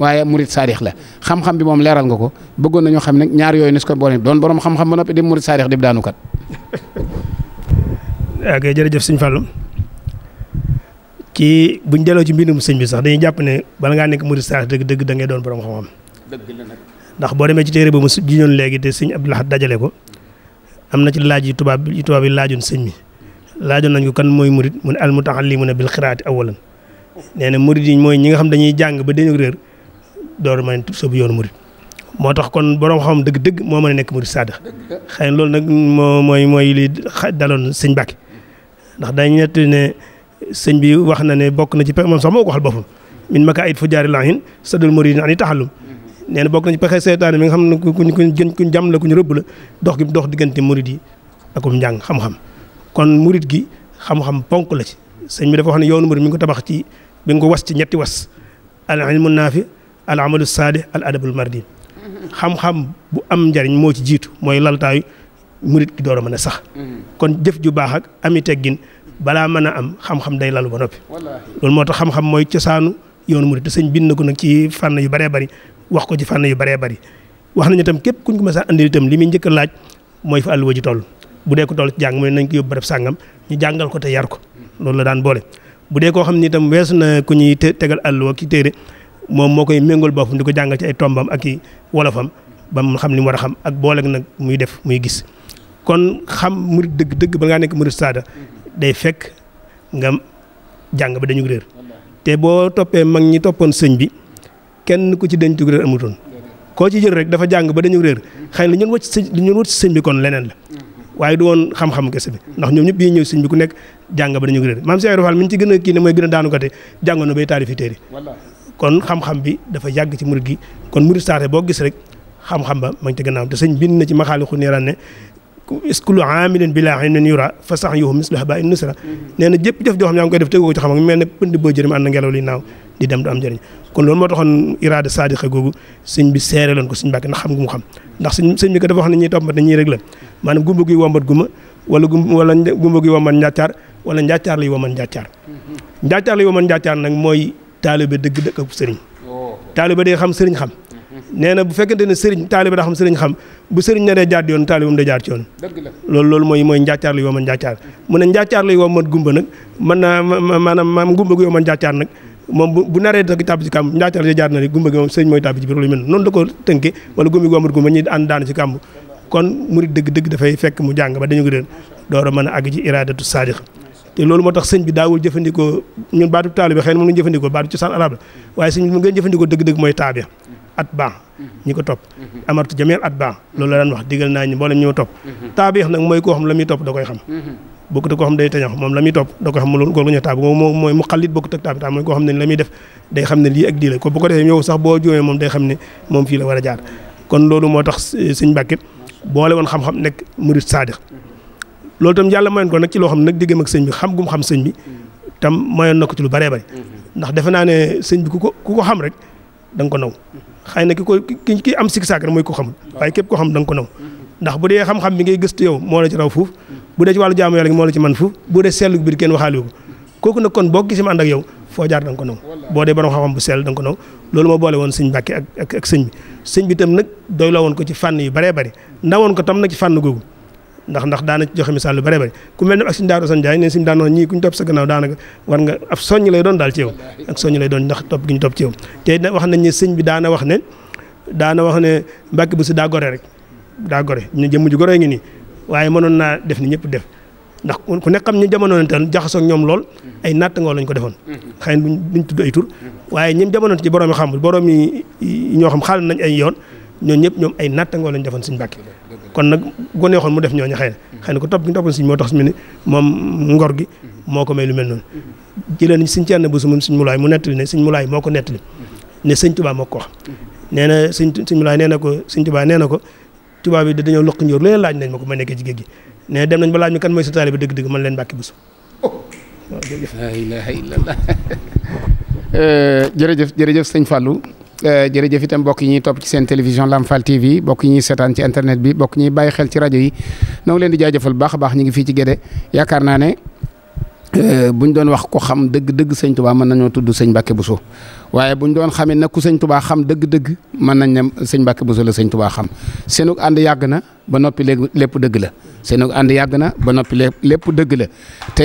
waaye murid saadix la xam-xam bi moom leeral nga ko bëggoon nañoo xam ne ñaar yooyu nes ko boole doon borom xam-xam ba noppi di murid sëñ Fallou ci buñ delloo ci mbindum sëñ bi sax dañuy jàpp ne bala ngaa nekk murid saadix dëgg dëgg da ngay doon borom xam-xam. ndax boo demee ci téere ba mu ji ñoon léegi te sëñ Abdou dajale ko am na ci laaj yi tubaab yu tubaab yi laajoon sëñ bi laajoon nañ ko kan mooy murid mu ne al muta'allimuna bil qiraati awalan nee na murid yi mooy ñi nga xam dañuy jàng ba dañu door a mën a sóobu yoonu murit moo tax kon boroom xam dëgg-dëgg moo mën nekk murit saada xëy lool nag moo mooy mooy li daloon sëñ Mbàkke ndax dañ nett ne sëñ bi wax na ne bokk na ci pexe moom sax moo ko waxal boppam min ma kaa it fu jaari lahin sadul muridin ani taxallum nee na bokk na ci pexe mi nga xam ne kuñ kuñ gën kuñ jàmm la kuñ rëbb la dox gi dox diggante murit yi akum njàng xam-xam kon murit gi xam-xam ponk la ci sëñ bi dafa wax ne yoonu murit mi ko tabax ci bi ko was ci ñetti was al naa fi al amalu saalih al adabul mardi xam-xam bu am njariñ moo ci jiitu mooy laltaayu murit ki door a mën a sax kon jëf ju baax ak ami teggin balaa man a am xam-xam day lalu ba noppi loolu moo tax xam-xam mooy cosaanu yoon murit te sëñ bind na ko nag ci fànn yu baree bari wax ko ci fànn yu baree bari wax nañu tam képp kuñ ko mës a andil itam li muy njëkk a laaj mooy fa àlluwa ji toll bu dee ko toll ci jàng mu nañ ko yóbbu barab sàngam ñu jàngal ko te yar ko loolu la daan boole bu dee koo xam ne itam weesu na ku ñuy tegal àlluwa ki téere moom moo koy méngool boppam di ko jàngal ci ay tombam ak i wolofam ba mu xam li mu war a xam ak booleeg nag muy def muy gis kon xam murid dëgg dëgg ba ngaa nekk murid saada day fekk nga jàng dañu réer te boo toppee mag ñi toppoon sëñ bi kenn ku ci denc réer amutoon koo ci jël rek dafa jàng ba dañu réer xëy na li ñu wut si li wut si bi kon leneen la waaye du woon xam-xam kese bi ndax ñoom ñëpp bi ñëw sëñ ku nekk jàng ba dañu réer maam Cheikh Ibra Fall mi ñu ci gën kii ne mooy gën daanu ko te jàngoon na bay taarifi téere kon xam-xam bi dafa yàgg ci murid gi kon murid saare boo gis rek xam-xam ba ma ngi te gannaaw te sëñ bind na ci maxaaliqu niiraan ne iskulu aamilin bilaa ilmin yura fa sax yuhu mislu habaa in nusra mm-hmm. nee na jëpp jëf joo xam yaa ngi koy def tegu ko ci xam-xam mel ne pënd boo jërim ànd na ngelaw li naaw dem du kon loolu moo taxoon iraada saadiqa googu sëñ bi seere loon ko sëñ Mbàkke ndax xam gu mu xam ndax sëñ sëñ bi ko dafa wax ne ñuy ma ne ñuy rek la maanaam gumba guy wombat guma wala gum wala gumba guy wombat njàccaar wala njàccaar lay wombat njàccaar mm-hmm. njàccaar lay wombat njàccaar nag mooy taalibe dëgg dëgg ak sëriñ oh. taalibe day xam sëriñ xam nee na bu fekkente ne sëriñ taalibe da xam sëriñ xam bu sëriñ ne day jaar yoon taalibe mu day jaar ci yoon loolu loolu mooy mooy njaacaar la yoo man gumba nag mën naa maanaam gumba gu yoo man njaacaar nag moom bu bu naree dëgg ci kàmb njaacaar jaar na rek gumba gi moom sëriñ mooy tàbb ci biir noonu da ko tënke wala gumba gu amat gumba ñi ànd daanu ci kàmb kon murid dëgg dëgg dafay fekk a mën te loolu moo tax sëñ bi daawul jëfandikoo ñun baatu taalibe xëy na moom la ñu jëfandikoo baatu ci saan la waaye sëñ bi mu jëfandikoo dëgg-dëgg mooy ko topp amartu jameel at baa la daan wax digal naa ñu mboolem ñu topp taabe nag mooy koo xam la muy topp da moom day xam ne sax boo juumee moom day xam ne moom fii la war a jaar kon loolu moo tax eh, sëñ Mbàkke boole woon xam-xam nekk murid saadiq loolu tam yàlla mayoon ko nag ci loo xam ne nag diggam ak sëñ bi xam gum xam sëñ bi tam mayoon na ko ci lu bëree bëri ndax defe naa ne sëñ bi ku ko ku ko xam rek da ko naw xëy na ki ko ki am sikk saak mooy ko xamul waaye képp ko xam da nga ko ndax bu dee xam-xam bi gëstu yow moo la ci raw fuuf bu dee ci wàllu jaamu yàlla moo la ci man fuuf bu dee sellu biir kenn waxaale ko kooku nag kon boo gisee ma ak yow foo jaar da nga boo dee borom xam bu sell da nga ko naw loolu moo boole woon sëñ Mbàkke ak ak sëñ tam nag doy woon ko ci fànn yu bëree bëri ndawoon ko tam nag ci fànn googu ndax ndax daana ci joxe misaal lu bare bare ku mel ne ak suñu daaru Assane Ndiaye ne suñu daan wax ñii ku ñu lay doon daal ci yow lay doon ndax topp gi ñu topp ci yow wax nañ ne sëñ bi daana wax ne daana wax ne Mbàkke bu si daa gore rek daa gore ñu jëmm ju gore ngi nii waaye mënoon naa def ni ñëpp def ndax ku nekk xam ñu jamono tan jaxasoog ñoom lool ay nattangoo lañ ko defoon xëy na duñ tudd ay tur waaye ñu jamono ci borom yi xamul borom yi ñoo xam xaal nañ ay yoon ñoo ñëpp ñoom ay nattangoo lañ defoon suñu Mbàkke kon nag bu ko neexoon mu def ñooñu xëy na xëy na ko topp gi toppoon sëñ moo tax su mu ne moom ngor gi moo ko may lu mel noonu jëlee nañ sëñ Cerno Buso moom sëñ mu nettali ne sëñ Mulaay moo ko nettali ne sëñ Tuubaa moo ko wax nee na sëñ sëñ Mulaay ko sëñ Tuubaa nee na ko Tuubaa bi dañoo loq njóor lu leen laaj nañ ma ko ma nekkee ci géej gi ne dem nañ ba laaj mi kan mooy sa taalibe dëgg-dëgg man leen Mbàkke Buso oh. laa ilaaha illallaah eh, jërëjëf Eh, jërëjëf itam mbokk yi ñuy topp ci seen télévision Lamfal TV mbokk yi ñuy seetaan ci internet bi mbokk ñuy bàyyi xel ci rajo yi noo leen di jaajëfal baax a baax ñu ngi fii ci Guédé yaakaar naa ne eh, buñ doon wax ko xam dëgg-dëgg sëñ Touba mën nañoo tudd sëñ bu Bousso waaye buñ doon xamee nag ku sëñ Touba xam dëgg-dëgg mën nañ ne sëñ bu Bousso la sëñ Touba xam seenu ànd yàgg na ba noppi lépp dëgg la seenu ànd yàgg na ba noppi lépp dëgg la te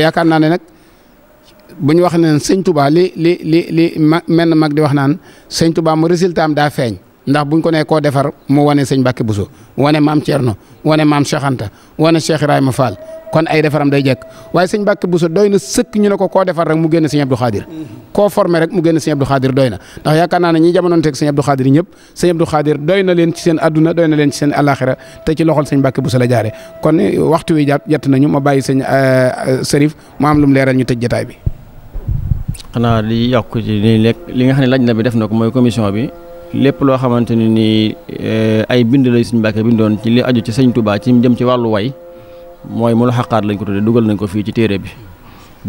bu ñu wax ne sëñ Touba li li li li ma menn mag di wax naan sëñ Touba mu résultat daa feeñ ndax buñ ko nee koo defar mu wane sëñ Mbacke Bousso wane maam Thierno wane maam Cheikh Anta wane Cheikh Ibrahima Fall kon ay defaram day jekk waaye sëñ Mbacke Bousso doy na sëkk ñu ne ko koo defar rek mu génn sëñ Abdou Khadir koo formé rek mu génn sëñ Abdou Khadir doy na ndax yaakaar naa ne ñi jamonoon teeg sëñ Abdou Khadir ñëpp sëñ Abdou Khadir doy na leen ci seen adduna doy na leen ci seen alaxira te ci loxol sëñ Mbacke Bousso la jaare kon eh, waxtu wi jàpp jàtt nañu ma bàyyi sëñ eh, Serif mu lu mu leeral ñu tëj jotaay bi xanaa di yokk ci ni lekk li nga xam ne laaj na bi def na ko mooy commission bi lépp loo xamante ne ni eh, ay bind lay suñu Mbàkke bindoon ci li aju ci sëñ Touba ci jëm ci wàllu way mooy mu la xaqaat lañ ko tuddee dugal nañ ko fii ci téere bi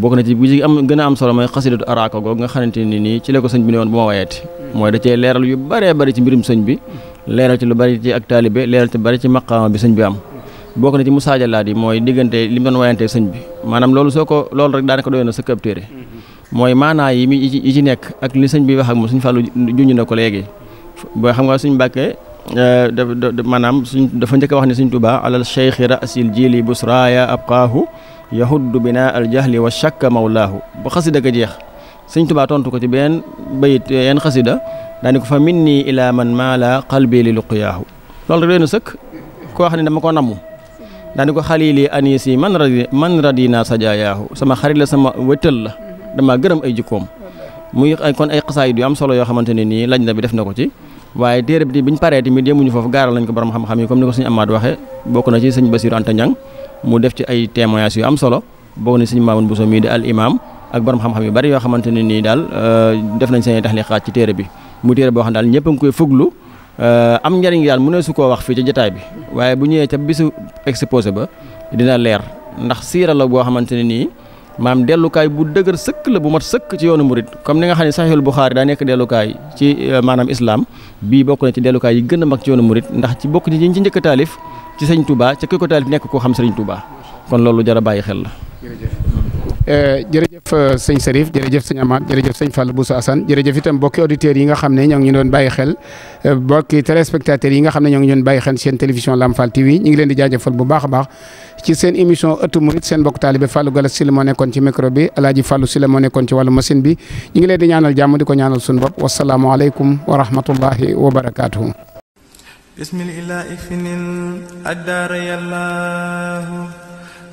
bokk na ci bi ci am gën a am solo mooy xasidatu araaka googu nga xamante ne nii ci la ko sëñ bi ne woon bu ma wayeeti mooy da cee leeral yu bëree bëri ci mbirum sëñ bi leeral ci lu bari ci ak taalibe leeral ci bari ci maqaama bi sëñ bi am bokk na ci mu musaajalaat yi mooy diggante li mu doon wayante sëñ bi maanaam loolu soo ko loolu rek daanaka doyoon na sëkk mooy maanaa yi mi yi ci nekk ak li sëñ bi wax ak moom suñ fàllu junj na ko léegi boo xam nga suñ mbàkkee eh, maanaam suñ dafa njëkk a wax ne suñ tubaa alal cheikh rasil jili busraaya abqaahu yahuddu bina al jahli wa shakka mawlaahu ba xasida ka jeex suñ tubaa tontu ko ci benn bayit yenn xasida daani ko fa minni ila man maala qalbi li luqyaahu loolu rek leenu sëkk koo xam dama ko namm daani ko xalili anisi man radi man radina sajaayaahu sama xarit sama wëttal la damaa gërëm ay jikkoom muy ay kon ay xasaayid yu am solo yoo xamante nii lañ na bi def na ko ci waaye téere bi biñ paree tamit yemuñu foofu gaaral nañ ko borom xam-xam yi comme ni ko sëñ Amath waxee bokk na ci sëñ Bassirou Anta Niang mu def ci ay témoignages yu am solo bokk na ci sëñ Mamoun Bousso mii di al imam ak borom xam-xam yu bari yoo xamante ne nii daal euh, def nañ seen taxliqaat ci téere bi mu téere boo xam daal ñëpp a koy fuglu euh, am njëriñ daal mu ne su koo wax fii ci jotaay bi waaye bu ñëwee ca bisu ba dina leer ndax siira la boo xamante ne nii maam dellukaay bu dëgër sëkk la bu mat sëkk ci yoonu murit comme ni nga xam ne saxiixul buxaari daa nekk dellukaay ci euh, maanaam islam bii bokk na ci dellukaay yi gën a mag ci yoonu murit ndax ci bokk ni ci njëkk taalif ci sëñ Touba ca ki ko taalif nekk koo xam sëriñ Touba kon loolu jar bàyyi xel la Eh, jërëjëf eh, sëñ Serif jërëjëf sëñ Amath jërëjëf sëñ Fall Boussa Assane jërëjëf itam bokki auditeurs yi nga xam ne ñoo ngi ñu doon bàyyi xel eh, bokki téléspectateurs yi nga xam ne ñoo ngi ñu doon bàyyi xel seen télévision Lam Fall TV ñu ngi leen di jaajëfal bu baax a baax ci seen émission ëttu murit seen bokk taalibe Fallou Galas Sylla moo ci micro bi Alaaji Fallou Sylla moo ci wàllu machine bi ñu ngi leen di ñaanal jàmm di ko ñaanal suñu bopp wasalaamu aleykum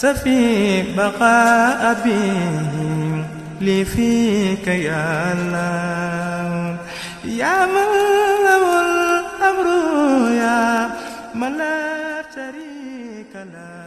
سفيك بقاء أبيهم لي فيك يا الله يا من له الأمر يا من لا شريك له